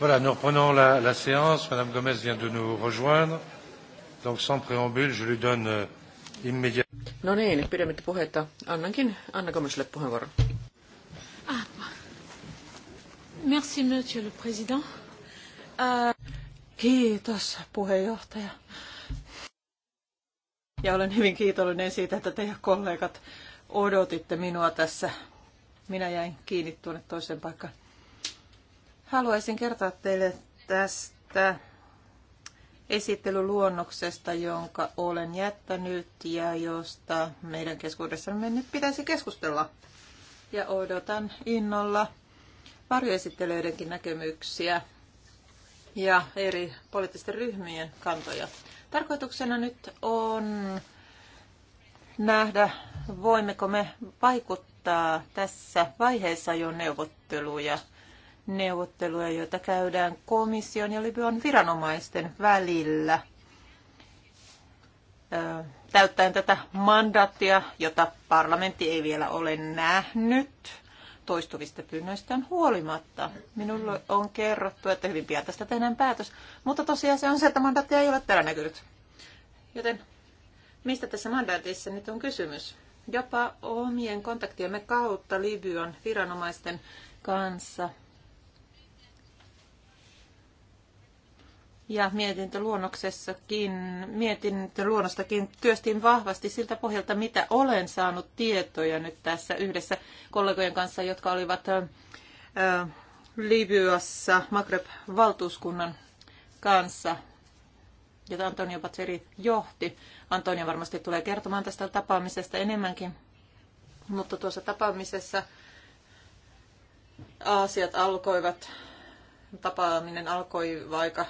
Voilà, nous reprenons la, la séance. Madame Gomez vient de nous rejoindre. Donc sans préambule, je lui donne euh, immédiatement. No niin, pidemmittä puhetta. Annankin Anna Gomezille puheenvuoron. Ah. Merci, monsieur le président. Uh... Kiitos, puheenjohtaja. Ja olen hyvin kiitollinen siitä, että te kollegat odotitte minua tässä. Minä jäin kiinni tuonne toiseen paikkaan. Haluaisin kertoa teille tästä esittelyluonnoksesta, jonka olen jättänyt ja josta meidän keskuudessamme nyt pitäisi keskustella. Ja odotan innolla varjoesittelyidenkin näkemyksiä ja eri poliittisten ryhmien kantoja. Tarkoituksena nyt on nähdä, voimmeko me vaikuttaa tässä vaiheessa jo neuvotteluja neuvotteluja, joita käydään komission ja Libyan viranomaisten välillä täyttäen tätä mandaattia, jota parlamentti ei vielä ole nähnyt toistuvista pyynnöistään huolimatta. Minulle on kerrottu, että hyvin pian tästä tehdään päätös, mutta tosiaan se on se, että mandaattia ei ole täällä näkynyt. Joten mistä tässä mandaatissa nyt on kysymys? Jopa omien kontaktiemme kautta Libyan viranomaisten kanssa ja mietintöluonnoksessakin, mietintöluonnostakin työstin vahvasti siltä pohjalta, mitä olen saanut tietoja nyt tässä yhdessä kollegojen kanssa, jotka olivat äh, Libyassa magreb valtuuskunnan kanssa, jota Antonio Batseri johti. Antonio varmasti tulee kertomaan tästä tapaamisesta enemmänkin, mutta tuossa tapaamisessa asiat alkoivat, tapaaminen alkoi vaikka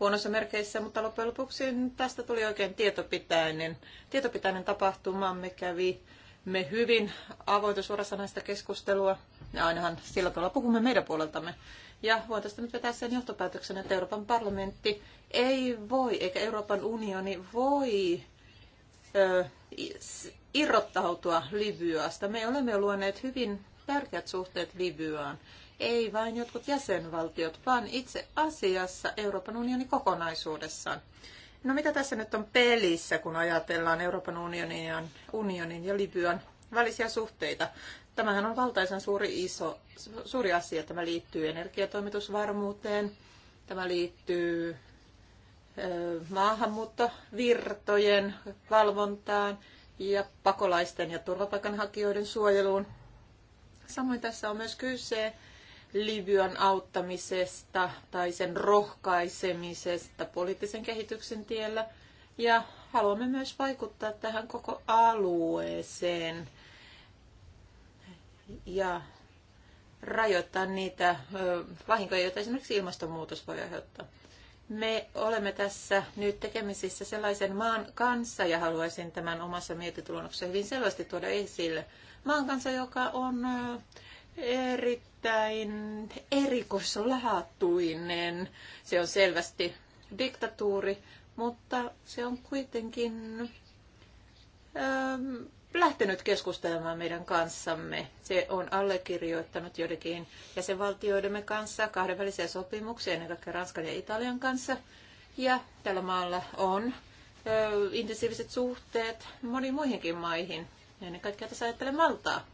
huonossa merkeissä, mutta loppujen lopuksi tästä tuli oikein tietopitäinen, tietopitäinen tapahtuma. Me kävi me hyvin avointa suorasanaista keskustelua. Ja ainahan sillä tavalla puhumme meidän puoleltamme. Ja voin tästä nyt vetää sen johtopäätöksen, että Euroopan parlamentti ei voi, eikä Euroopan unioni voi ö, irrottautua Libyasta. Me olemme luoneet hyvin tärkeät suhteet Libyaan ei vain jotkut jäsenvaltiot, vaan itse asiassa Euroopan unioni kokonaisuudessaan. No mitä tässä nyt on pelissä, kun ajatellaan Euroopan unionin ja, unionin ja Libyan välisiä suhteita? Tämähän on valtaisen suuri, iso, suuri asia. Tämä liittyy energiatoimitusvarmuuteen, tämä liittyy maahanmuuttovirtojen valvontaan ja pakolaisten ja turvapaikanhakijoiden suojeluun. Samoin tässä on myös kyse Libyan auttamisesta tai sen rohkaisemisesta poliittisen kehityksen tiellä. Ja haluamme myös vaikuttaa tähän koko alueeseen ja rajoittaa niitä vahinkoja, joita esimerkiksi ilmastonmuutos voi aiheuttaa. Me olemme tässä nyt tekemisissä sellaisen maan kanssa, ja haluaisin tämän omassa mietityluonnoksessa hyvin selvästi tuoda esille, maan kanssa, joka on erittäin erikoislaatuinen. Se on selvästi diktatuuri, mutta se on kuitenkin ähm, lähtenyt keskustelemaan meidän kanssamme. Se on allekirjoittanut joidenkin jäsenvaltioidemme kanssa kahdenvälisiä sopimuksia, ennen kaikkea Ranskan ja Italian kanssa. Ja tällä maalla on äh, intensiiviset suhteet moniin muihinkin maihin, ennen kaikkea tässä ajattelee Maltaa.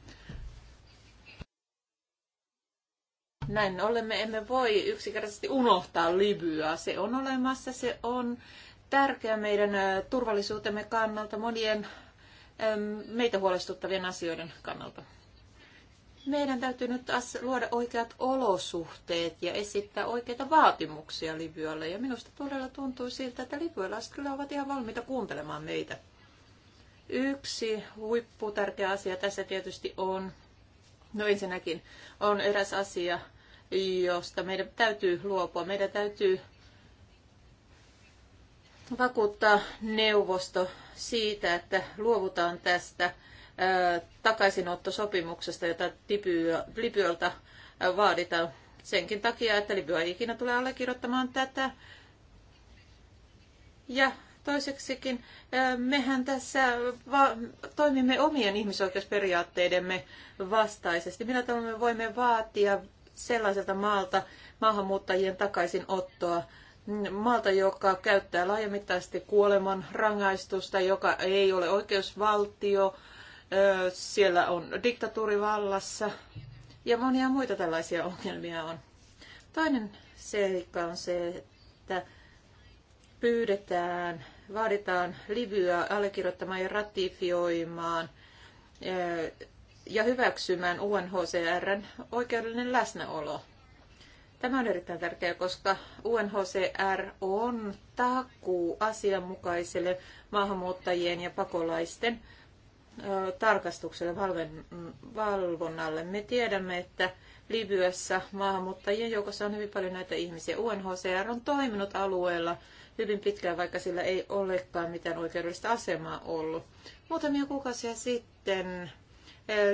Näin ollen me emme voi yksinkertaisesti unohtaa Libyaa. Se on olemassa, se on tärkeä meidän turvallisuutemme kannalta, monien meitä huolestuttavien asioiden kannalta. Meidän täytyy nyt taas luoda oikeat olosuhteet ja esittää oikeita vaatimuksia Libyalle. Ja minusta todella tuntuu siltä, että libyalaiset kyllä ovat ihan valmiita kuuntelemaan meitä. Yksi huipputärkeä asia tässä tietysti on, no ensinnäkin on eräs asia, josta meidän täytyy luopua. Meidän täytyy vakuuttaa neuvosto siitä, että luovutaan tästä takaisinottosopimuksesta, jota Libyolta vaaditaan senkin takia, että Libya ei ikinä tule allekirjoittamaan tätä. Ja toiseksikin, mehän tässä toimimme omien ihmisoikeusperiaatteidemme vastaisesti. Millä tavalla me voimme vaatia sellaiselta maalta maahanmuuttajien takaisinottoa, maalta, joka käyttää laajamittaisesti kuoleman rangaistusta, joka ei ole oikeusvaltio, siellä on diktatuuri vallassa ja monia muita tällaisia ongelmia on. Toinen seikka on se, että pyydetään, vaaditaan Livyä allekirjoittamaan ja ratifioimaan ja hyväksymään UNHCRn oikeudellinen läsnäolo. Tämä on erittäin tärkeää, koska UNHCR on takuu asianmukaiselle maahanmuuttajien ja pakolaisten tarkastukselle, valvonnalle. Me tiedämme, että Libyassa maahanmuuttajien joukossa on hyvin paljon näitä ihmisiä. UNHCR on toiminut alueella hyvin pitkään, vaikka sillä ei olekaan mitään oikeudellista asemaa ollut. Muutamia kuukausia sitten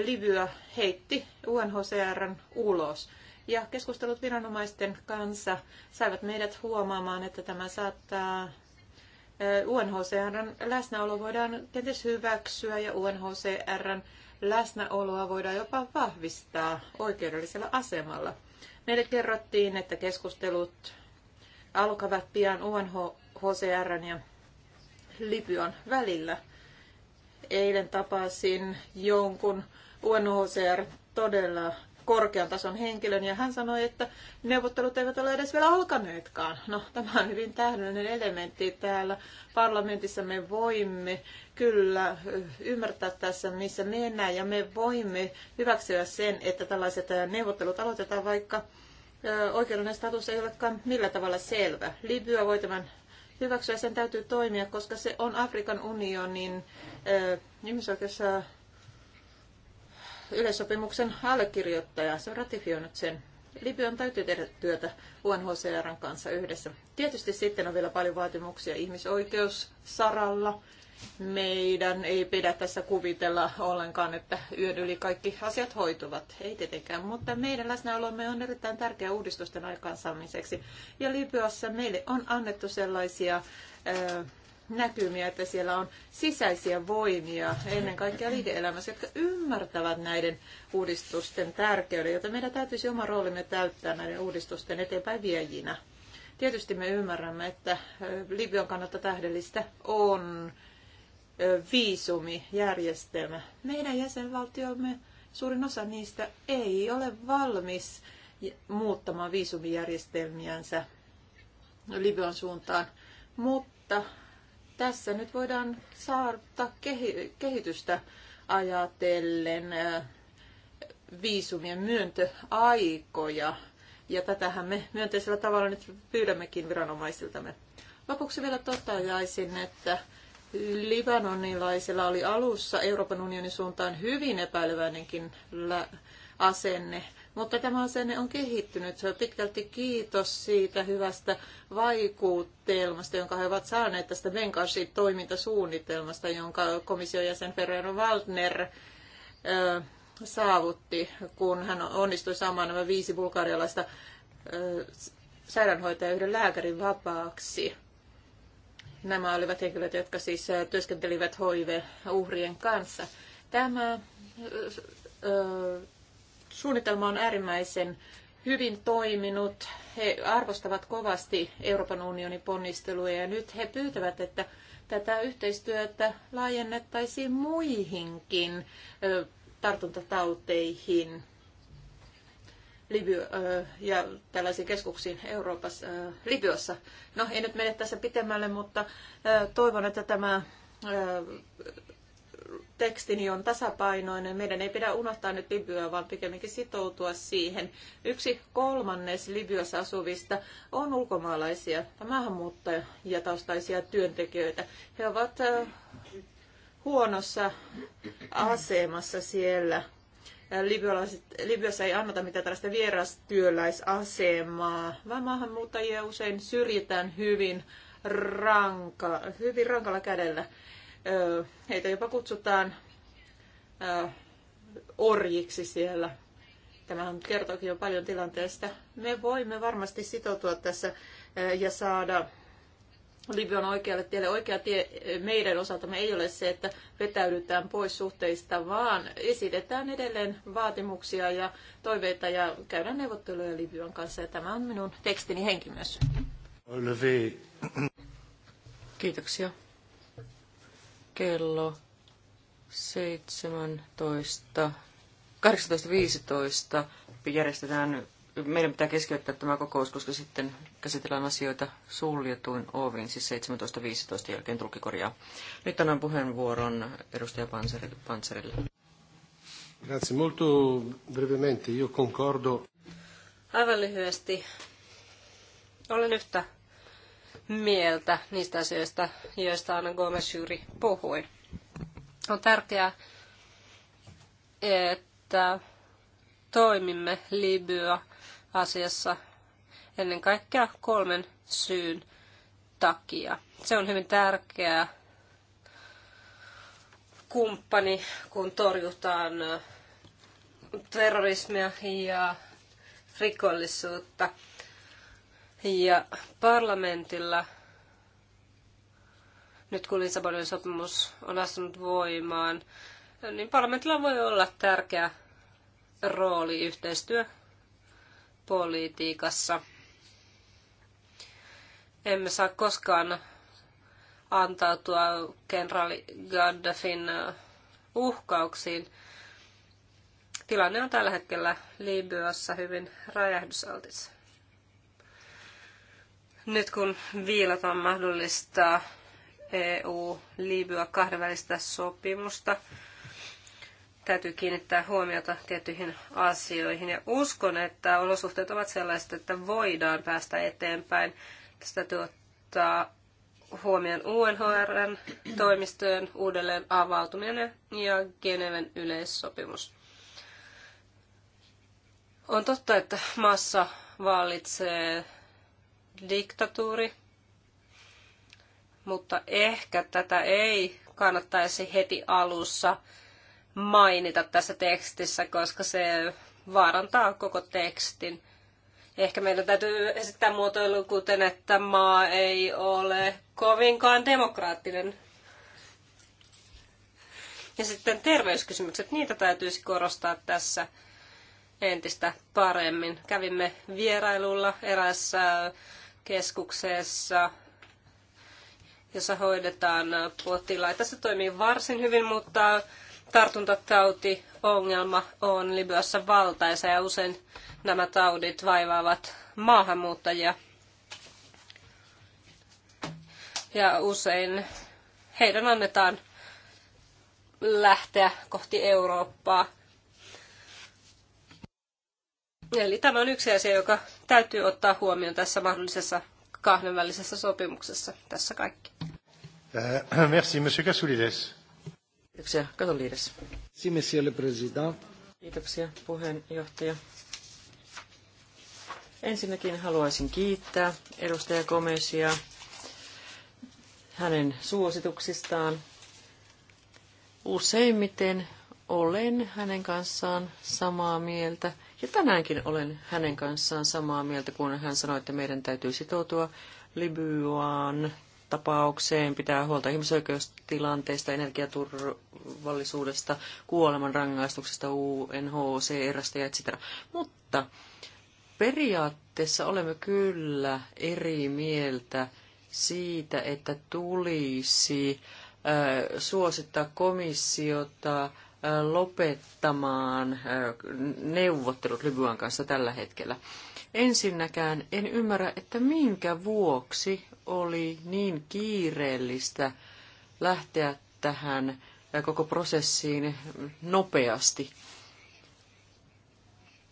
Libya heitti UNHCRn ulos. Ja keskustelut viranomaisten kanssa saivat meidät huomaamaan, että tämä saattaa UNHCRn läsnäolo voidaan kenties hyväksyä ja UNHCRn läsnäoloa voidaan jopa vahvistaa oikeudellisella asemalla. Meille kerrottiin, että keskustelut alkavat pian UNHCRn ja Libyan välillä. Eilen tapasin jonkun UNHCR todella korkean tason henkilön ja hän sanoi, että neuvottelut eivät ole edes vielä alkaneetkaan. No, tämä on hyvin tähdellinen elementti täällä parlamentissa. Me voimme kyllä eh, ymmärtää tässä, missä mennään ja me voimme hyväksyä sen, että tällaiset eh, neuvottelut aloitetaan, vaikka eh, oikeudellinen status ei olekaan millä tavalla selvä. Libya voi tämän hyväksyä, sen täytyy toimia, koska se on Afrikan unionin ihmisoikeus yleissopimuksen allekirjoittaja. Se on ratifioinut sen. Libyan täytyy tehdä työtä UNHCRn kanssa yhdessä. Tietysti sitten on vielä paljon vaatimuksia ihmisoikeussaralla, meidän ei pidä tässä kuvitella ollenkaan, että yön yli kaikki asiat hoituvat. Ei tietenkään, mutta meidän läsnäolomme on erittäin tärkeä uudistusten aikaansaamiseksi. Ja Libyassa meille on annettu sellaisia ö, näkymiä, että siellä on sisäisiä voimia, ennen kaikkea liike-elämässä, jotka ymmärtävät näiden uudistusten tärkeyden, joten meidän täytyisi oma roolimme täyttää näiden uudistusten eteenpäin viejinä. Tietysti me ymmärrämme, että Libyan kannalta tähdellistä on viisumijärjestelmä. Meidän jäsenvaltiomme, suurin osa niistä ei ole valmis muuttamaan viisumijärjestelmiänsä Libyan suuntaan, mutta tässä nyt voidaan saada kehitystä ajatellen viisumien myöntöaikoja. Ja tätähän me myönteisellä tavalla nyt pyydämmekin viranomaisiltamme. Lopuksi vielä toteaisin, että libanonilaisilla oli alussa Euroopan unionin suuntaan hyvin epäileväinenkin asenne, mutta tämä asenne on kehittynyt. Se on pitkälti kiitos siitä hyvästä vaikutelmasta, jonka he ovat saaneet tästä Benghazi-toimintasuunnitelmasta, jonka komission jäsen Ferrero Waldner saavutti, kun hän onnistui saamaan nämä viisi bulgarialaista sairaanhoitajan yhden lääkärin vapaaksi. Nämä olivat henkilöt, jotka siis äh, työskentelivät HIV-uhrien kanssa. Tämä ö, äh, äh, suunnitelma on äärimmäisen hyvin toiminut. He arvostavat kovasti Euroopan unionin ponnisteluja ja nyt he pyytävät, että tätä yhteistyötä laajennettaisiin muihinkin ö, tartuntatauteihin. Liby- ja tällaisiin keskuksiin Euroopassa, Libyassa. No, ei nyt mene tässä pitemmälle, mutta toivon, että tämä tekstini on tasapainoinen. Meidän ei pidä unohtaa nyt Libyaa, vaan pikemminkin sitoutua siihen. Yksi kolmannes Libyassa asuvista on ulkomaalaisia maahanmuuttajia taustaisia työntekijöitä. He ovat huonossa asemassa siellä, Libyassa ei anneta mitään tällaista vierastyöläisasemaa, vaan maahanmuuttajia usein syrjitään hyvin, ranka, hyvin rankalla kädellä. Heitä jopa kutsutaan orjiksi siellä. Tämähän kertookin jo paljon tilanteesta. Me voimme varmasti sitoutua tässä ja saada Libyan oikealle tielle. Oikea tie eh, meidän osaltamme ei ole se, että vetäydytään pois suhteista, vaan esitetään edelleen vaatimuksia ja toiveita ja käydään neuvotteluja Libyan kanssa. Ja tämä on minun tekstini henki myös. Kiitoksia. Kello 17. 18.15 järjestetään meidän pitää keskeyttää tämä kokous, koska sitten käsitellään asioita suljetuin ovin, siis 17.15 jälkeen tulkikorjaa. Nyt annan puheenvuoron edustaja Panserille. Grazie molto brevemente, io concordo. Aivan lyhyesti. Olen yhtä mieltä niistä asioista, joista Anna Gomes juuri puhui. On tärkeää, että toimimme Libyaa asiassa ennen kaikkea kolmen syyn takia. Se on hyvin tärkeä kumppani, kun torjutaan terrorismia ja rikollisuutta. Ja parlamentilla, nyt kun Lissabonin sopimus on astunut voimaan, niin parlamentilla voi olla tärkeä rooli yhteistyö politiikassa. Emme saa koskaan antautua kenraali Gaddafin uhkauksiin. Tilanne on tällä hetkellä Libyassa hyvin räjähdysaltis. Nyt kun viilataan mahdollista EU-Libya kahdenvälistä sopimusta, täytyy kiinnittää huomiota tiettyihin asioihin. Ja uskon, että olosuhteet ovat sellaiset, että voidaan päästä eteenpäin. Tästä tuottaa huomioon UNHRn toimistojen uudelleen avautuminen ja Geneven yleissopimus. On totta, että maassa vallitsee diktatuuri, mutta ehkä tätä ei kannattaisi heti alussa mainita tässä tekstissä, koska se vaarantaa koko tekstin. Ehkä meidän täytyy esittää muotoilu, kuten että maa ei ole kovinkaan demokraattinen. Ja sitten terveyskysymykset, niitä täytyisi korostaa tässä entistä paremmin. Kävimme vierailulla erässä keskuksessa, jossa hoidetaan potilaita. Se toimii varsin hyvin, mutta tartuntatautiongelma on Libyassa valtaisa ja usein nämä taudit vaivaavat maahanmuuttajia. Ja usein heidän annetaan lähteä kohti Eurooppaa. Eli tämä on yksi asia, joka täytyy ottaa huomioon tässä mahdollisessa kahdenvälisessä sopimuksessa. Tässä kaikki. Äh, merci, monsieur Kassoulides. Kiitoksia. Katoliides. Si, monsieur le président. Kiitoksia, puheenjohtaja. Ensinnäkin haluaisin kiittää edustaja Gomesia hänen suosituksistaan. Useimmiten olen hänen kanssaan samaa mieltä, ja tänäänkin olen hänen kanssaan samaa mieltä, kun hän sanoi, että meidän täytyy sitoutua Libyaan tapaukseen, pitää huolta ihmisoikeustilanteesta, energiaturvallisuudesta, kuolemanrangaistuksesta, UNHCRstä ja etc. Mutta periaatteessa olemme kyllä eri mieltä siitä, että tulisi suosittaa komissiota lopettamaan neuvottelut Libyan kanssa tällä hetkellä. Ensinnäkään en ymmärrä, että minkä vuoksi oli niin kiireellistä lähteä tähän äh, koko prosessiin nopeasti.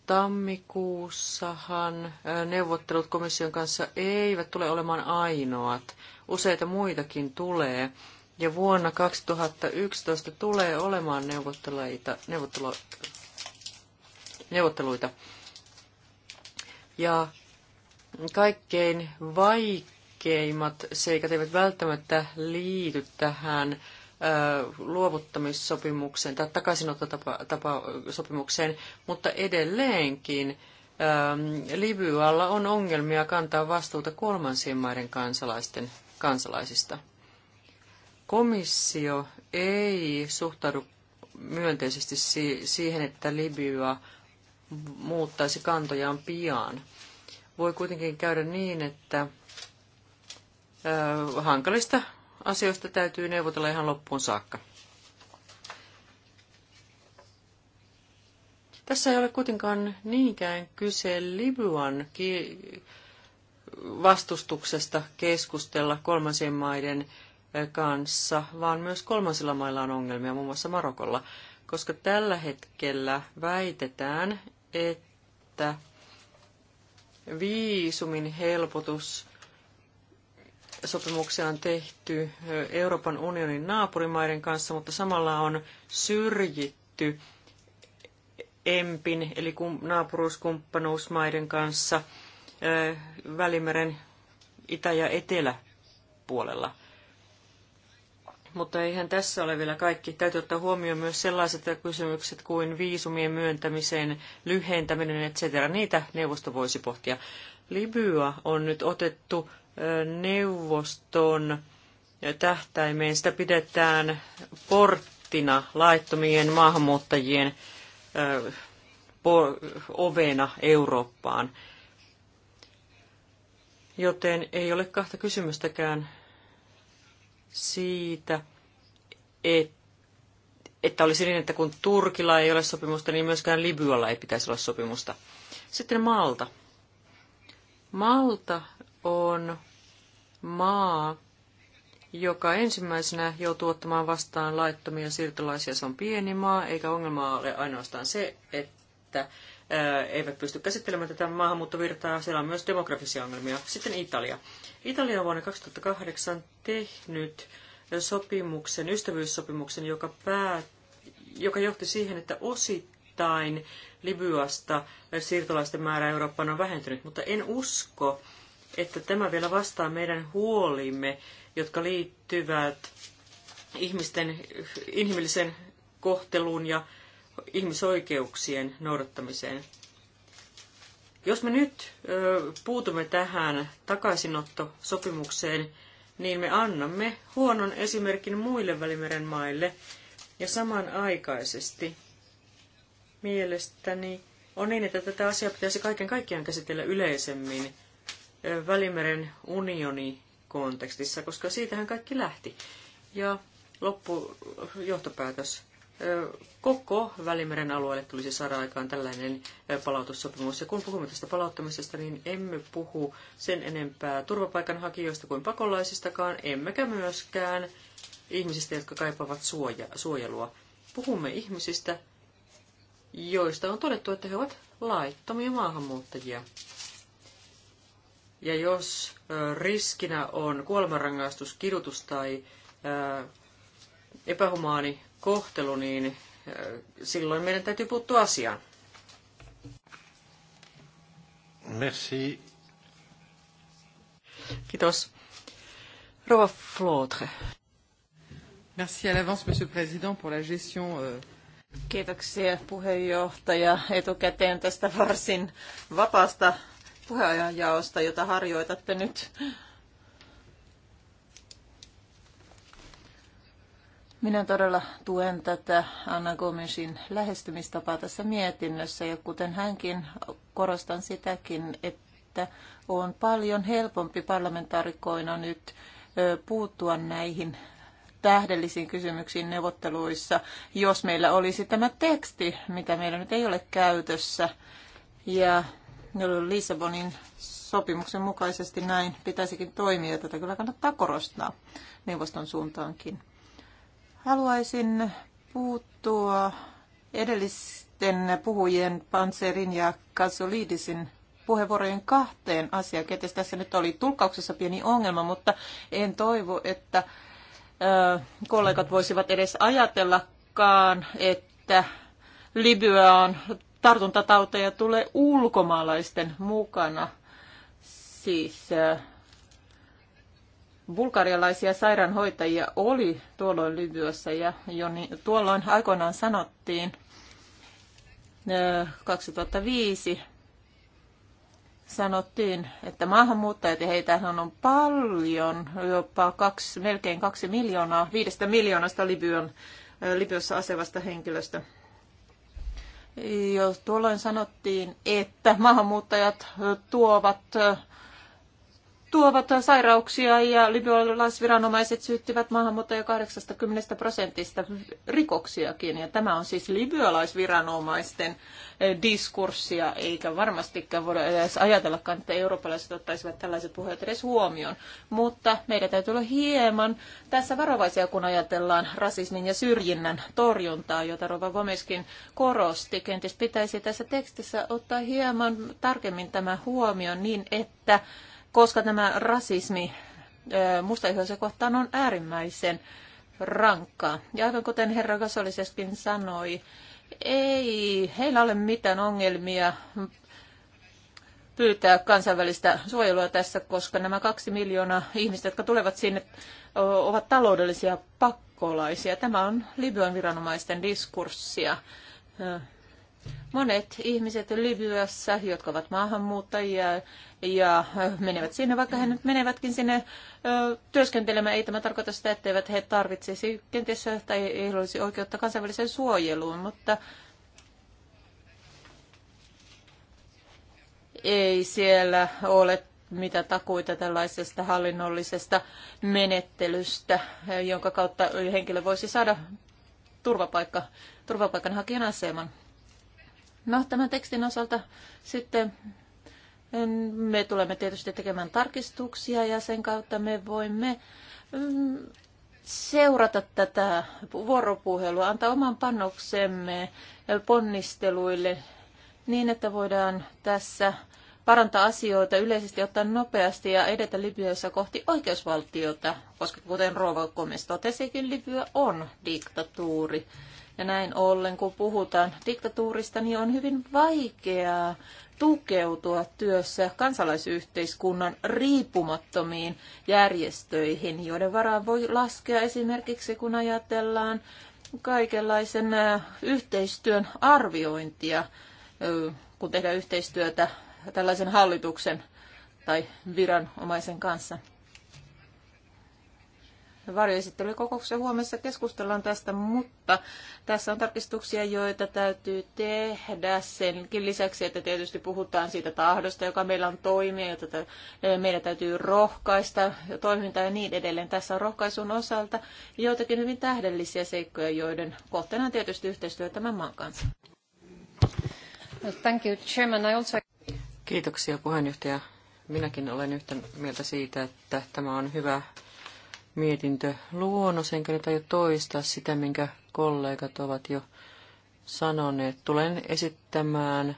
Tammikuussahan äh, neuvottelut komission kanssa eivät tule olemaan ainoat. Useita muitakin tulee. Ja vuonna 2011 tulee olemaan neuvotteluita, neuvottelu, neuvotteluita. Ja kaikkein vaikein vaikeimmat seikat eivät välttämättä liity tähän luovuttamissopimukseen tai takaisinottosopimukseen, mutta edelleenkin Libyalla on ongelmia kantaa vastuuta kolmansien maiden kansalaisten kansalaisista. Komissio ei suhtaudu myönteisesti siihen, että Libya muuttaisi kantojaan pian. Voi kuitenkin käydä niin, että hankalista asioista täytyy neuvotella ihan loppuun saakka. Tässä ei ole kuitenkaan niinkään kyse Libyan vastustuksesta keskustella kolmansien maiden kanssa, vaan myös kolmansilla mailla on ongelmia, muun muassa Marokolla, koska tällä hetkellä väitetään, että viisumin helpotus sopimuksia on tehty eh, Euroopan unionin naapurimaiden kanssa, mutta samalla on syrjitty EMPin eli naapuruuskumppanuusmaiden kanssa eh, Välimeren itä- ja eteläpuolella. Mutta eihän tässä ole vielä kaikki. Täytyy ottaa huomioon myös sellaiset kysymykset kuin viisumien myöntämiseen lyhentäminen, etc. Niitä neuvosto voisi pohtia. Libya on nyt otettu neuvoston tähtäimeen. Sitä pidetään porttina laittomien maahanmuuttajien ovena Eurooppaan. Joten ei ole kahta kysymystäkään siitä, että että olisi niin, että kun Turkilla ei ole sopimusta, niin myöskään Libyalla ei pitäisi olla sopimusta. Sitten Malta. Malta on maa, joka ensimmäisenä joutuu ottamaan vastaan laittomia siirtolaisia. Se on pieni maa, eikä ongelma ole ainoastaan se, että eivät pysty käsittelemään tätä maahanmuuttovirtaa. Siellä on myös demografisia ongelmia. Sitten Italia. Italia on vuonna 2008 tehnyt sopimuksen, ystävyyssopimuksen, joka, pää, joka johti siihen, että osittain Libyasta siirtolaisten määrä Eurooppaan on vähentynyt, mutta en usko, että tämä vielä vastaa meidän huolimme, jotka liittyvät ihmisten inhimillisen kohteluun ja ihmisoikeuksien noudattamiseen. Jos me nyt ö, puutumme tähän takaisinottosopimukseen, niin me annamme huonon esimerkin muille Välimeren maille ja samanaikaisesti mielestäni on niin, että tätä asiaa pitäisi kaiken kaikkiaan käsitellä yleisemmin – Välimeren unioni kontekstissa, koska siitähän kaikki lähti. Ja loppu johtopäätös: Koko Välimeren alueelle tulisi saada aikaan tällainen palautussopimus. Ja kun puhumme tästä palauttamisesta, niin emme puhu sen enempää turvapaikanhakijoista kuin pakolaisistakaan, emmekä myöskään ihmisistä, jotka kaipaavat suoja, suojelua. Puhumme ihmisistä, joista on todettu, että he ovat laittomia maahanmuuttajia. Ja jos riskinä on kuolemanrangaistus, kidutus tai epähumaani kohtelu, niin silloin meidän täytyy puuttua asiaan. Merci. Kiitos. Rova Flotre. Merci à l'avance, Monsieur le Président, pour la gestion euh, Kiitoksia puheenjohtaja etukäteen tästä varsin vapaasta puheenjaosta, jota harjoitatte nyt. Minä todella tuen tätä Anna Gomesin lähestymistapaa tässä mietinnössä ja kuten hänkin korostan sitäkin, että on paljon helpompi parlamentaarikoina nyt puuttua näihin tähdellisiin kysymyksiin neuvotteluissa, jos meillä olisi tämä teksti, mitä meillä nyt ei ole käytössä. Ja Lissabonin sopimuksen mukaisesti näin pitäisikin toimia, ja tätä kyllä kannattaa korostaa neuvoston suuntaankin. Haluaisin puuttua edellisten puhujien Panserin ja Kasolidisin puheenvuorojen kahteen asiaan. Ketes tässä nyt oli tulkauksessa pieni ongelma, mutta en toivo, että kollegat voisivat edes ajatellakaan, että Libya on tartuntatauteja tulee ulkomaalaisten mukana. Siis äh, bulgarialaisia sairaanhoitajia oli tuolloin Libyassa ja jo niin, tuolloin aikoinaan sanottiin 2005 äh, sanottiin, että maahanmuuttajat ja heitä on paljon, jopa kaksi, melkein kaksi miljoonaa, viidestä miljoonasta Libyan, äh, Libyassa asevasta henkilöstä. Jo tuolloin sanottiin, että maahanmuuttajat tuovat tuovat sairauksia ja libyalaisviranomaiset syyttivät maahanmuuttajia 80 prosentista rikoksiakin. Ja tämä on siis libyalaisviranomaisten eh, diskurssia, eikä varmastikaan voida edes ajatellakaan, että eurooppalaiset ottaisivat tällaiset puheet edes huomioon. Mutta meidän täytyy olla hieman tässä varovaisia, kun ajatellaan rasismin ja syrjinnän torjuntaa, jota Rova Gomeskin korosti. Kenties pitäisi tässä tekstissä ottaa hieman tarkemmin tämä huomioon niin, että koska tämä rasismi mustaihoisia kohtaan on äärimmäisen rankkaa. Ja aivan kuten herra Gasoliseskin sanoi, ei heillä ole mitään ongelmia pyytää kansainvälistä suojelua tässä, koska nämä kaksi miljoonaa ihmistä, jotka tulevat sinne, ovat taloudellisia pakkolaisia. Tämä on Libyan viranomaisten diskurssia. Monet ihmiset Libyassa, jotka ovat maahanmuuttajia ja menevät sinne, vaikka he nyt menevätkin sinne työskentelemään, ei tämä tarkoita sitä, etteivät he tarvitsisi kenties tai ei olisi oikeutta kansainväliseen suojeluun, mutta ei siellä ole mitä takuita tällaisesta hallinnollisesta menettelystä, jonka kautta henkilö voisi saada turvapaikka, turvapaikanhakijan aseman. No, tämän tekstin osalta sitten me tulemme tietysti tekemään tarkistuksia ja sen kautta me voimme seurata tätä vuoropuhelua, antaa oman panoksemme ponnisteluille niin, että voidaan tässä parantaa asioita yleisesti ottaa nopeasti ja edetä Libyassa kohti oikeusvaltiota, koska kuten Rova Komis totesikin, Libya on diktatuuri. Ja näin ollen, kun puhutaan diktatuurista, niin on hyvin vaikeaa tukeutua työssä kansalaisyhteiskunnan riippumattomiin järjestöihin, joiden varaan voi laskea esimerkiksi, kun ajatellaan kaikenlaisen yhteistyön arviointia, kun tehdään yhteistyötä tällaisen hallituksen tai viranomaisen kanssa varjoesittelykokouksessa huomessa keskustellaan tästä, mutta tässä on tarkistuksia, joita täytyy tehdä senkin lisäksi, että tietysti puhutaan siitä tahdosta, joka meillä on toimia, jota eh, meidän täytyy rohkaista toimintaa ja niin edelleen. Tässä on rohkaisun osalta joitakin hyvin tähdellisiä seikkoja, joiden kohteena on tietysti yhteistyö tämän maan kanssa. Thank you, Chairman. I also... Kiitoksia puheenjohtaja. Minäkin olen yhtä mieltä siitä, että tämä on hyvä mietintö luonnos, enkä nyt aio toistaa sitä, minkä kollegat ovat jo sanoneet. Tulen esittämään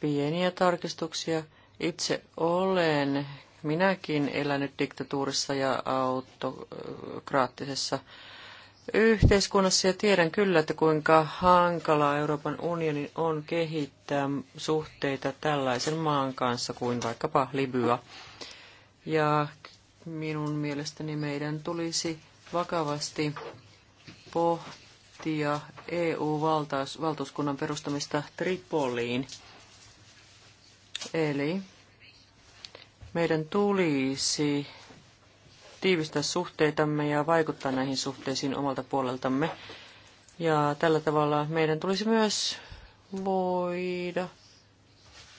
pieniä tarkistuksia. Itse olen minäkin elänyt diktatuurissa ja autokraattisessa yhteiskunnassa ja tiedän kyllä, että kuinka hankalaa Euroopan unionin on kehittää suhteita tällaisen maan kanssa kuin vaikkapa Libya. Ja minun mielestäni meidän tulisi vakavasti pohtia EU-valtuuskunnan perustamista Tripoliin. Eli meidän tulisi tiivistää suhteitamme ja vaikuttaa näihin suhteisiin omalta puoleltamme. Ja tällä tavalla meidän tulisi myös voida.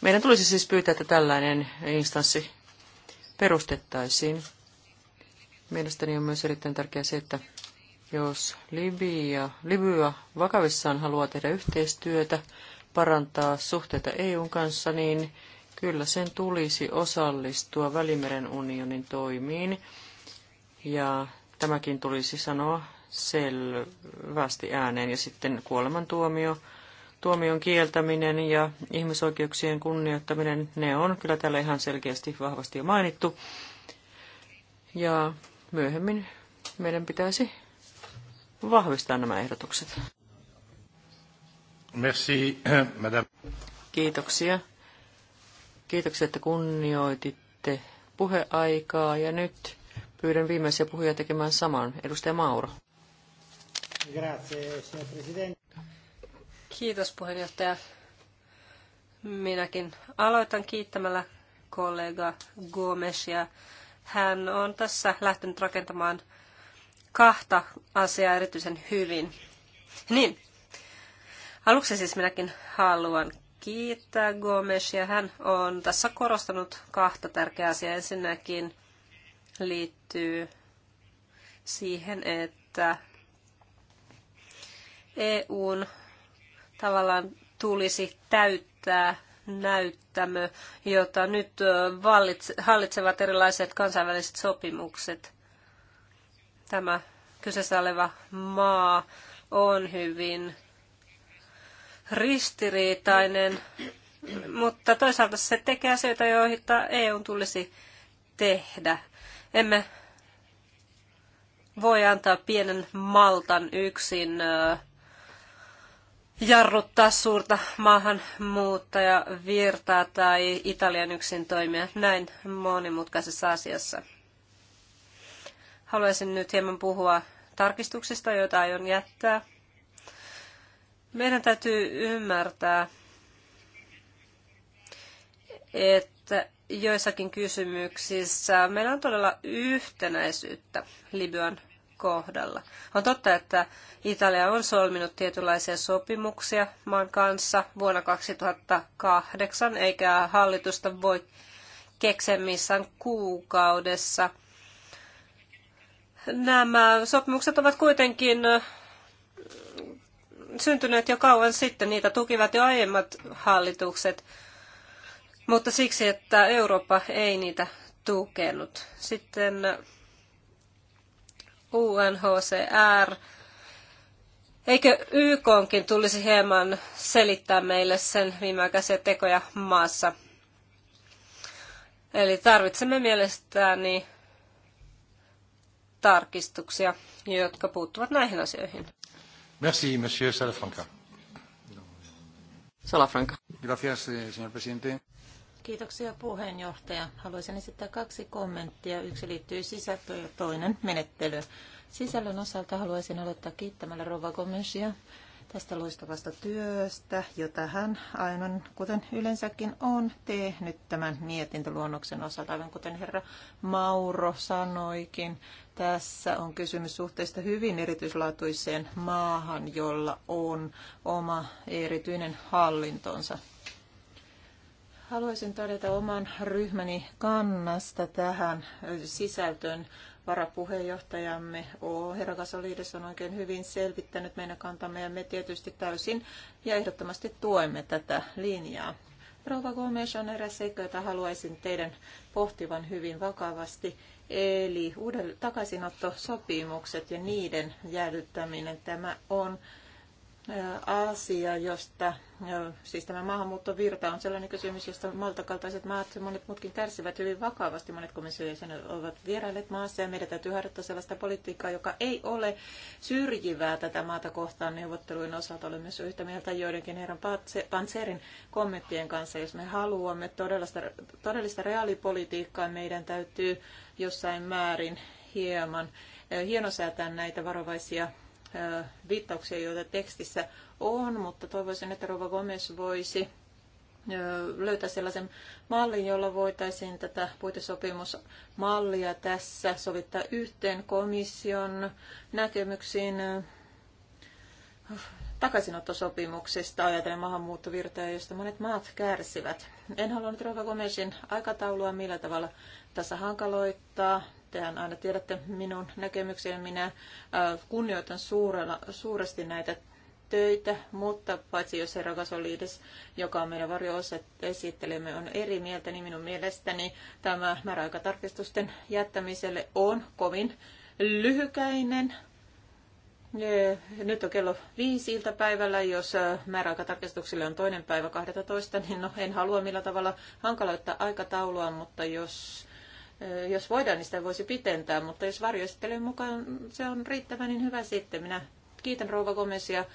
Meidän tulisi siis pyytää, että tällainen instanssi perustettaisiin. Mielestäni on myös erittäin tärkeää se, että jos Libya, Libya vakavissaan haluaa tehdä yhteistyötä, parantaa suhteita EUn kanssa, niin kyllä sen tulisi osallistua Välimeren unionin toimiin. Ja tämäkin tulisi sanoa selvästi ääneen. Ja sitten kuolemantuomio, tuomion kieltäminen ja ihmisoikeuksien kunnioittaminen, ne on kyllä täällä ihan selkeästi vahvasti jo mainittu. Ja myöhemmin meidän pitäisi vahvistaa nämä ehdotukset. Merci, madame. Kiitoksia. Kiitoksia, että kunnioititte puheaikaa ja nyt pyydän viimeisiä puhujia tekemään saman. Edustaja Mauro. Grazie, signor Presidente. Kiitos puheenjohtaja. Minäkin aloitan kiittämällä kollega Gomesia hän on tässä lähtenyt rakentamaan kahta asiaa erityisen hyvin. Niin, aluksi siis minäkin haluan kiittää Gomesia. Hän on tässä korostanut kahta tärkeää asiaa. Ensinnäkin liittyy siihen, että EUn tavallaan tulisi täyttää näyttämö, jota nyt hallitsevat erilaiset kansainväliset sopimukset. Tämä kyseessä oleva maa on hyvin ristiriitainen, mutta toisaalta se tekee asioita, joita EU tulisi tehdä. Emme voi antaa pienen maltan yksin jarruttaa suurta maahanmuuttajavirtaa tai Italian yksin toimia näin monimutkaisessa asiassa. Haluaisin nyt hieman puhua tarkistuksista, joita aion jättää. Meidän täytyy ymmärtää, että joissakin kysymyksissä meillä on todella yhtenäisyyttä Libyan kohdalla. On totta, että Italia on solminut tietynlaisia sopimuksia maan kanssa vuonna 2008, eikä hallitusta voi keksemissään kuukaudessa. Nämä sopimukset ovat kuitenkin syntyneet jo kauan sitten, niitä tukivat jo aiemmat hallitukset, mutta siksi, että Eurooppa ei niitä tukenut. Sitten UNHCR. Eikö YKonkin tulisi hieman selittää meille sen viimeaikaisia tekoja maassa? Eli tarvitsemme mielestäni tarkistuksia, jotka puuttuvat näihin asioihin. Merci, monsieur Salafranca. Salafranca. Gracias, señor presidente. Kiitoksia puheenjohtaja. Haluaisin esittää kaksi kommenttia. Yksi liittyy sisältöön ja toinen menettelyyn. Sisällön osalta haluaisin aloittaa kiittämällä Rova Gomesia tästä loistavasta työstä, jota hän aivan kuten yleensäkin on tehnyt tämän mietintöluonnoksen osalta, aivan kuten herra Mauro sanoikin. Tässä on kysymys suhteesta hyvin erityislaatuiseen maahan, jolla on oma erityinen hallintonsa. Haluaisin todeta oman ryhmäni kannasta tähän sisältöön. Varapuheenjohtajamme O. Herakasoliides on oikein hyvin selvittänyt meidän kantamme ja me tietysti täysin ja ehdottomasti tuemme tätä linjaa. Rouva Gomes on eräs seikka, jota haluaisin teidän pohtivan hyvin vakavasti, eli uuden takaisinottosopimukset ja niiden jäädyttäminen. Tämä on asia, josta, siis tämä maahanmuuttovirta on sellainen kysymys, josta maltakaltaiset maat ja monet muutkin kärsivät hyvin vakavasti. Monet komission ovat vierailleet maassa ja meidän täytyy harjoittaa sellaista politiikkaa, joka ei ole syrjivää tätä maata kohtaan neuvottelujen osalta. Olen myös yhtä mieltä joidenkin herran Panserin kommenttien kanssa. Jos me haluamme todellista, todellista reaalipolitiikkaa, meidän täytyy jossain määrin hieman hienosäätää näitä varovaisia viittauksia, joita tekstissä on, mutta toivoisin, että Rova Gomes voisi löytää sellaisen mallin, jolla voitaisiin tätä puitesopimusmallia tässä sovittaa yhteen komission näkemyksiin takaisinottosopimuksista ajatellen maahanmuuttovirtoja, joista monet maat kärsivät. En halua nyt Rova Gomesin aikataulua millä tavalla tässä hankaloittaa Tehän aina tiedätte minun näkemykseni. Minä äh, kunnioitan suurella, suuresti näitä töitä, mutta paitsi jos herra Gasolides, joka on meidän esittelemme on eri mieltä, niin minun mielestäni tämä määräaikatarkistusten jättämiselle on kovin lyhykäinen. Nyt on kello viisi iltapäivällä, jos äh, määräaikatarkistuksille on toinen päivä 12, niin no, en halua millä tavalla hankaloittaa aikataulua, mutta jos jos voidaan, niin sitä voisi pitentää, mutta jos varjoesittelijän mukaan se on riittävä, niin hyvä sitten. Minä kiitän Rouva Gomesia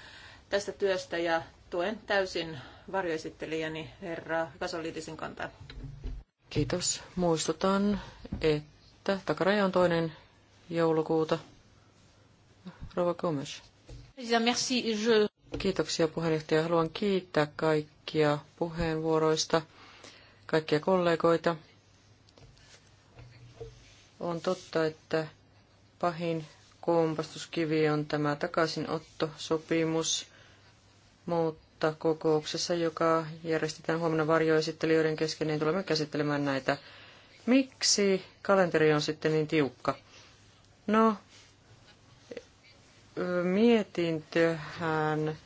tästä työstä ja tuen täysin varjoesittelijäni herra Kasoliitisen kantaa. Kiitos. Muistutan, että takaraja on toinen joulukuuta. Rouva Gomes. Kiitoksia puheenjohtaja. Haluan kiittää kaikkia puheenvuoroista, kaikkia kollegoita. On totta, että pahin kompastuskivi on tämä takaisinottosopimus, mutta kokouksessa, joka järjestetään huomenna varjoesittelijöiden kesken, niin tulemme käsittelemään näitä. Miksi kalenteri on sitten niin tiukka? No, mietintöhän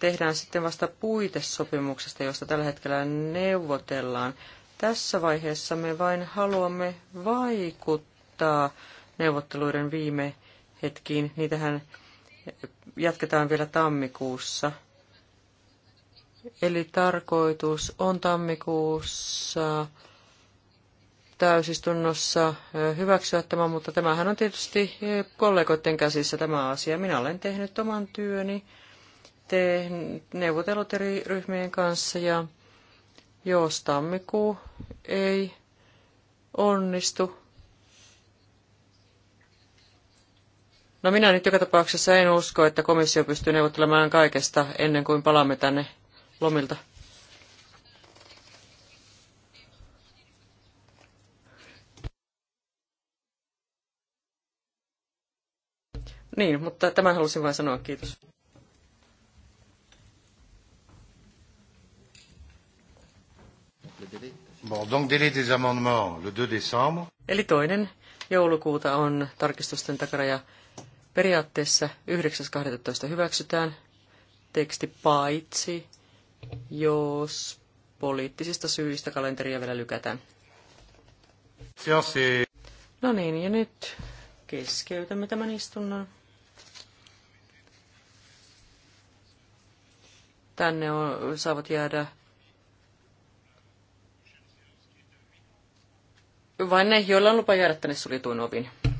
tehdään sitten vasta puitesopimuksesta, josta tällä hetkellä neuvotellaan. Tässä vaiheessa me vain haluamme vaikuttaa neuvotteluiden viime hetkiin. Niitähän jatketaan vielä tammikuussa. Eli tarkoitus on tammikuussa täysistunnossa hyväksyä tämä, mutta tämähän on tietysti kollegoiden käsissä tämä asia. Minä olen tehnyt oman työni, tehnyt neuvotellut eri ryhmien kanssa ja jos tammikuu ei onnistu, No minä nyt joka tapauksessa en usko, että komissio pystyy neuvottelemaan kaikesta ennen kuin palaamme tänne lomilta. Niin, mutta tämän halusin vain sanoa. Kiitos. Bon, donc délai des amendements le 2 décembre. Eli toinen joulukuuta on tarkistusten takaraja. Periaatteessa 9.12. hyväksytään teksti paitsi, jos poliittisista syistä kalenteria vielä lykätään. Siasi. No niin, ja nyt keskeytämme tämän istunnon. Tänne on, saavat jäädä vain ne, joilla on lupa jäädä tänne suljetuin ovin.